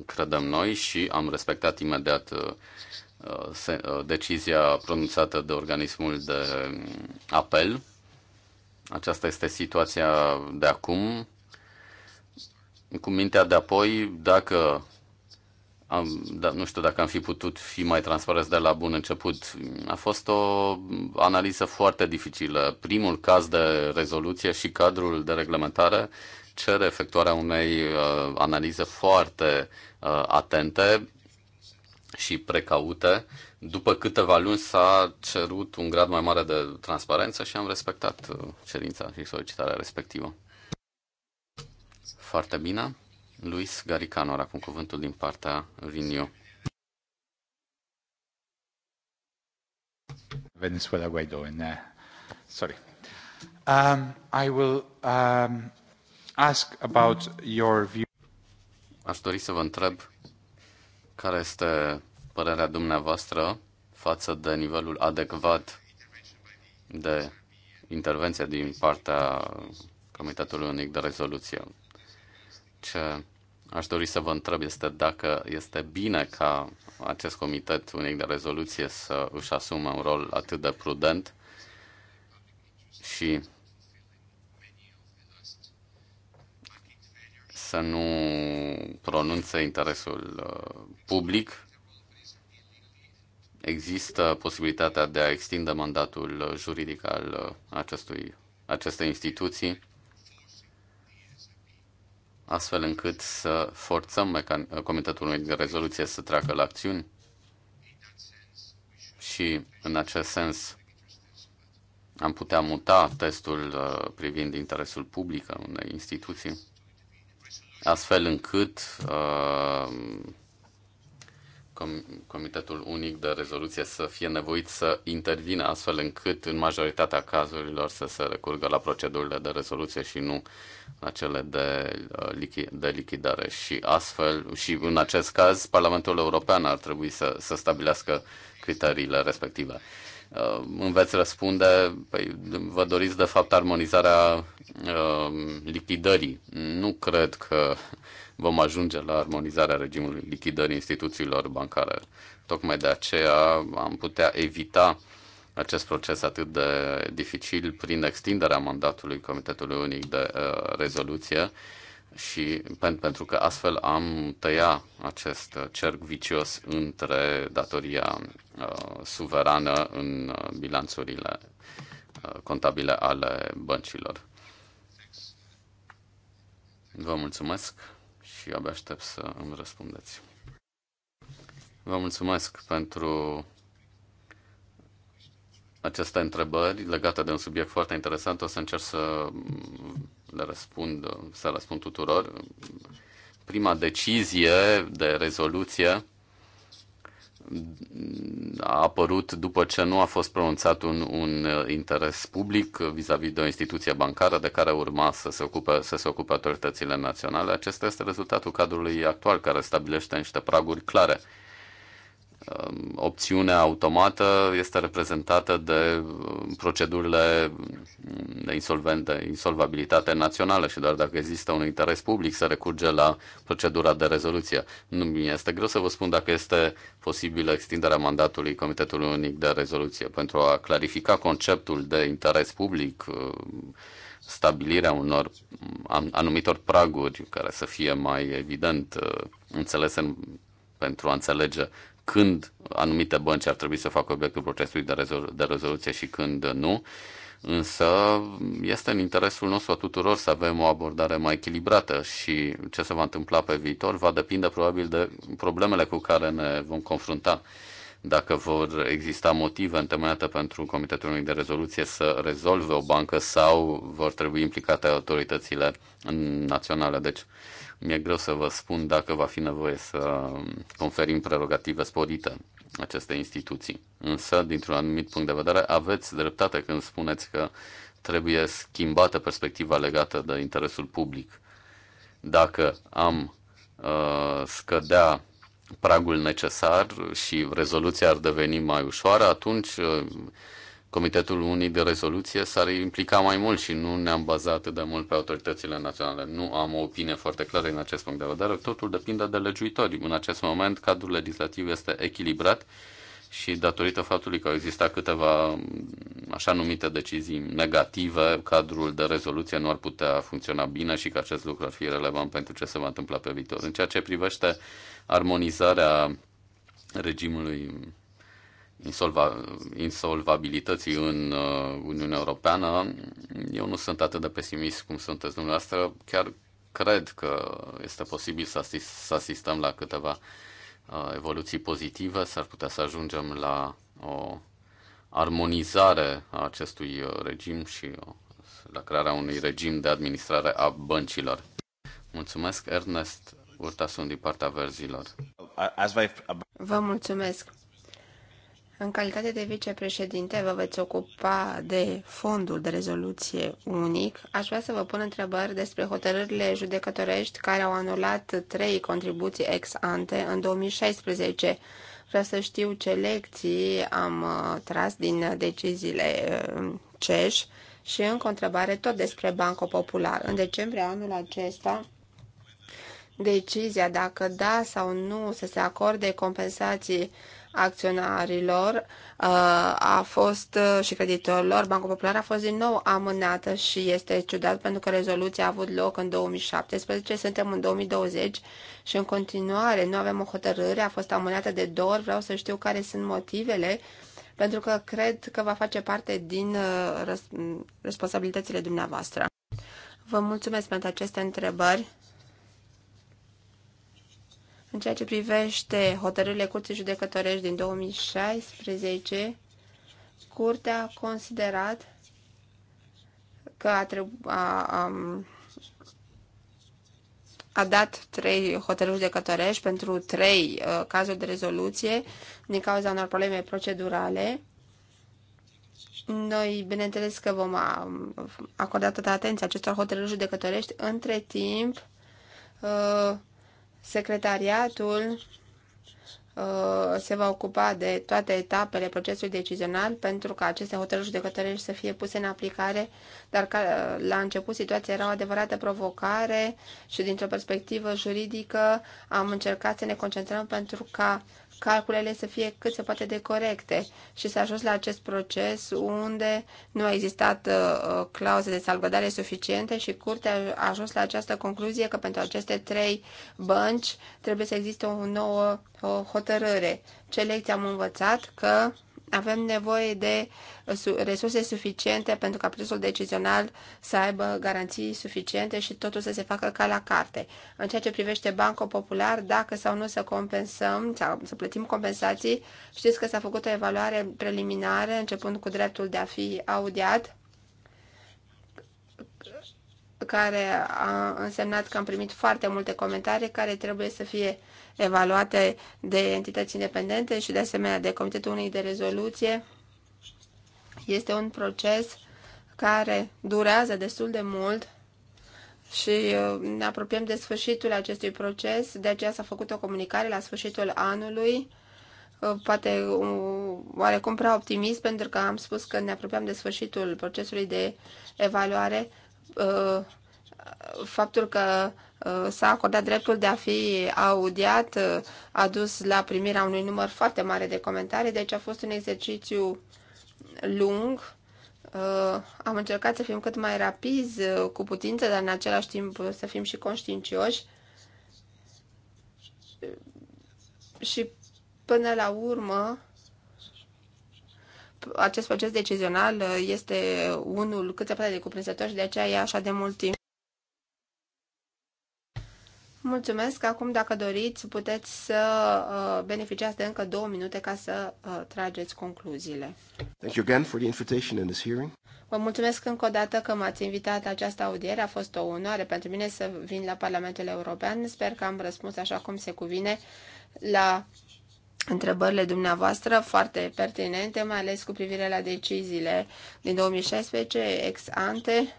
credem noi, și am respectat imediat uh, uh, decizia pronunțată de organismul de um, apel aceasta este situația de acum. Cu mintea de apoi, dacă am, da, nu știu dacă am fi putut fi mai transparent de la bun început. A fost o analiză foarte dificilă. Primul caz de rezoluție și cadrul de reglementare cere efectuarea unei uh, analize foarte uh, atente și precaute după câteva luni s-a cerut un grad mai mare de transparență și am respectat uh, cerința și solicitarea respectivă. Foarte bine. Luis Garicano are acum cuvântul din partea Vinio. Venezuela Guaido in uh, sorry. Um, I will um, ask about your view. Aș dori să vă întreb care este părerea dumneavoastră față de nivelul adecvat de intervenție din partea Comitetului Unic de Rezoluție. Ce aș dori să vă întreb este dacă este bine ca acest Comitet Unic de Rezoluție să își asume un rol atât de prudent și să nu pronunțe interesul uh, public există posibilitatea de a extinde mandatul juridic al uh, acestui, acestei instituții, astfel încât să forțăm Comitetul unui de Rezoluție să treacă la acțiuni? Și, în acest sens, am putea muta testul uh, privind interesul public al unei instituții, astfel încât uh, Com- Comitetul Unic de Rezoluție să fie nevoit să intervină astfel încât în majoritatea cazurilor să se recurgă la procedurile de rezoluție și nu la cele de, uh, lichi- de lichidare. Și astfel, și în acest caz, Parlamentul European ar trebui să, să stabilească criteriile respective. Uh, îmi veți răspunde, păi, vă doriți de fapt armonizarea uh, lichidării. Nu cred că uh, vom ajunge la armonizarea regimului lichidării instituțiilor bancare. Tocmai de aceea am putea evita acest proces atât de dificil prin extinderea mandatului Comitetului Unic de uh, Rezoluție și pen, pentru că astfel am tăia acest cerc vicios între datoria uh, suverană în uh, bilanțurile uh, contabile ale băncilor. Vă mulțumesc și abia aștept să îmi răspundeți. Vă mulțumesc pentru aceste întrebări legate de un subiect foarte interesant. O să încerc să le răspund, să răspund tuturor. Prima decizie de rezoluție a apărut după ce nu a fost pronunțat un, un uh, interes public vis-a-vis -vis de o instituție bancară de care urma să se, ocupe, să se ocupe autoritățile naționale. Acesta este rezultatul cadrului actual care stabilește niște praguri clare Um, opțiunea automată este reprezentată de um, procedurile um, de, insolvent, de insolvabilitate națională și doar dacă există un interes public să recurge la procedura de rezoluție. Nu mi este greu să vă spun dacă este posibilă extinderea mandatului Comitetului Unic de Rezoluție pentru a clarifica conceptul de interes public, stabilirea unor anumitor praguri care să fie mai evident uh, înțelese pentru a înțelege când anumite bănci ar trebui să facă obiectul procesului de, rezol- de rezoluție și când nu. Însă este în interesul nostru a tuturor să avem o abordare mai echilibrată și ce se va întâmpla pe viitor va depinde probabil de problemele cu care ne vom confrunta dacă vor exista motive întemeiate pentru Comitetul Unic de Rezoluție să rezolve o bancă sau vor trebui implicate autoritățile naționale. Deci mi-e greu să vă spun dacă va fi nevoie să conferim prerogative sporite acestei instituții. Însă, dintr-un anumit punct de vedere, aveți dreptate când spuneți că trebuie schimbată perspectiva legată de interesul public. Dacă am uh, scădea pragul necesar și rezoluția ar deveni mai ușoară, atunci uh, Comitetul Unii de Rezoluție s-ar implica mai mult și nu ne-am bazat atât de mult pe autoritățile naționale. Nu am o opinie foarte clară în acest punct de vedere. Totul depinde de legiuitori. În acest moment, cadrul legislativ este echilibrat și datorită faptului că au existat câteva mm, așa numite decizii negative, cadrul de rezoluție nu ar putea funcționa bine și că acest lucru ar fi relevant pentru ce se va întâmpla pe viitor. În ceea ce privește armonizarea regimului insolva, insolvabilității în uh, Uniunea Europeană, eu nu sunt atât de pesimist cum sunteți dumneavoastră, chiar cred că este posibil să, asist, să asistăm la câteva Uh, evoluții pozitive, s-ar putea să ajungem la o armonizare a acestui uh, regim și uh, la crearea unui regim de administrare a băncilor. Mulțumesc, Ernest Urtasun, din partea verzilor. Vă mulțumesc. În calitate de vicepreședinte, vă veți ocupa de fondul de rezoluție unic. Aș vrea să vă pun întrebări despre hotărârile judecătorești care au anulat trei contribuții ex ante în 2016. Vreau să știu ce lecții am uh, tras din deciziile uh, CEJ și încă o întrebare tot despre Banco Popular. În decembrie anul acesta, decizia dacă da sau nu să se acorde compensații acționarilor uh, a fost uh, și creditorilor, Banca Populară a fost din nou amânată și este ciudat pentru că rezoluția a avut loc în 2017, suntem în 2020 și în continuare nu avem o hotărâre, a fost amânată de două ori, vreau să știu care sunt motivele, pentru că cred că va face parte din uh, răs- responsabilitățile dumneavoastră. Vă mulțumesc pentru aceste întrebări. În ceea ce privește hotărârile Curții Judecătorești din 2016, Curtea a considerat că a, a, a, a dat trei hotărâri judecătorești pentru trei uh, cazuri de rezoluție din cauza unor probleme procedurale. Noi, bineînțeles că vom acorda toată atenția acestor hotărâri judecătorești. Între timp, uh, Secretariatul Uh, se va ocupa de toate etapele procesului decizional pentru ca aceste hotărâri judecătorești să fie puse în aplicare, dar ca, uh, la început situația era o adevărată provocare și dintr-o perspectivă juridică am încercat să ne concentrăm pentru ca calculele să fie cât se poate de corecte și s-a ajuns la acest proces unde nu a existat uh, uh clauze de salvădare suficiente și curtea a ajuns la această concluzie că pentru aceste trei bănci trebuie să existe o nouă o hotărâre. Ce lecții am învățat? Că avem nevoie de resurse suficiente pentru ca procesul decizional să aibă garanții suficiente și totul să se facă ca la carte. În ceea ce privește Banco Popular, dacă sau nu să compensăm sau să plătim compensații, știți că s-a făcut o evaluare preliminară începând cu dreptul de a fi audiat care a însemnat că am primit foarte multe comentarii care trebuie să fie evaluate de entități independente și de asemenea de Comitetul Unii de Rezoluție. Este un proces care durează destul de mult și uh, ne apropiem de sfârșitul acestui proces, de aceea s-a făcut o comunicare la sfârșitul anului, uh, poate uh, oarecum prea optimist, pentru că am spus că ne apropiem de sfârșitul procesului de evaluare, faptul că Uh, s-a acordat dreptul de a fi audiat, uh, a dus la primirea unui număr foarte mare de comentarii, deci a fost un exercițiu lung. Uh, am încercat să fim cât mai rapizi cu putință, dar în același timp să fim și conștiincioși. Și până la urmă, acest proces decizional este unul cât se poate de cuprinsător și de aceea e așa de mult timp. Mulțumesc. Acum, dacă doriți, puteți să uh, beneficiați de încă două minute ca să uh, trageți concluziile. Thank you again for the invitation in this hearing. Vă mulțumesc încă o dată că m-ați invitat la această audiere. A fost o onoare pentru mine să vin la Parlamentul European. Sper că am răspuns așa cum se cuvine la întrebările dumneavoastră foarte pertinente, mai ales cu privire la deciziile din 2016 ex ante.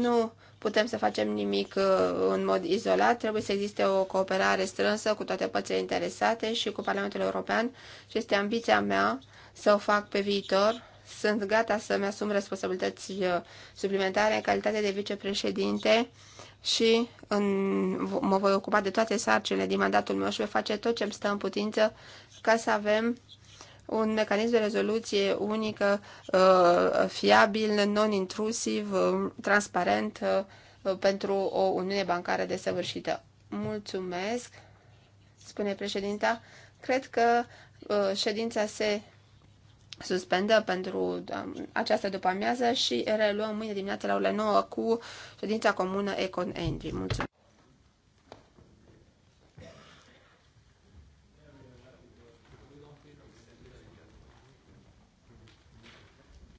Nu putem să facem nimic uh, în mod izolat, trebuie să existe o cooperare strânsă cu toate părțile interesate și cu Parlamentul European și este ambiția mea să o fac pe viitor. Sunt gata să-mi asum responsabilități uh, suplimentare în calitate de vicepreședinte și în, mă voi ocupa de toate sarcinile din mandatul meu și voi face tot ce mi stă în putință ca să avem un mecanism de rezoluție unică, uh, fiabil, non-intrusiv, uh, transparent uh, pentru o uniune bancară desăvârșită. Mulțumesc, spune președinta. Cred că ședința se suspendă pentru um, această după amiază și reluăm mâine dimineața la ora 9 cu ședința comună Econ Engie. Mulțumesc!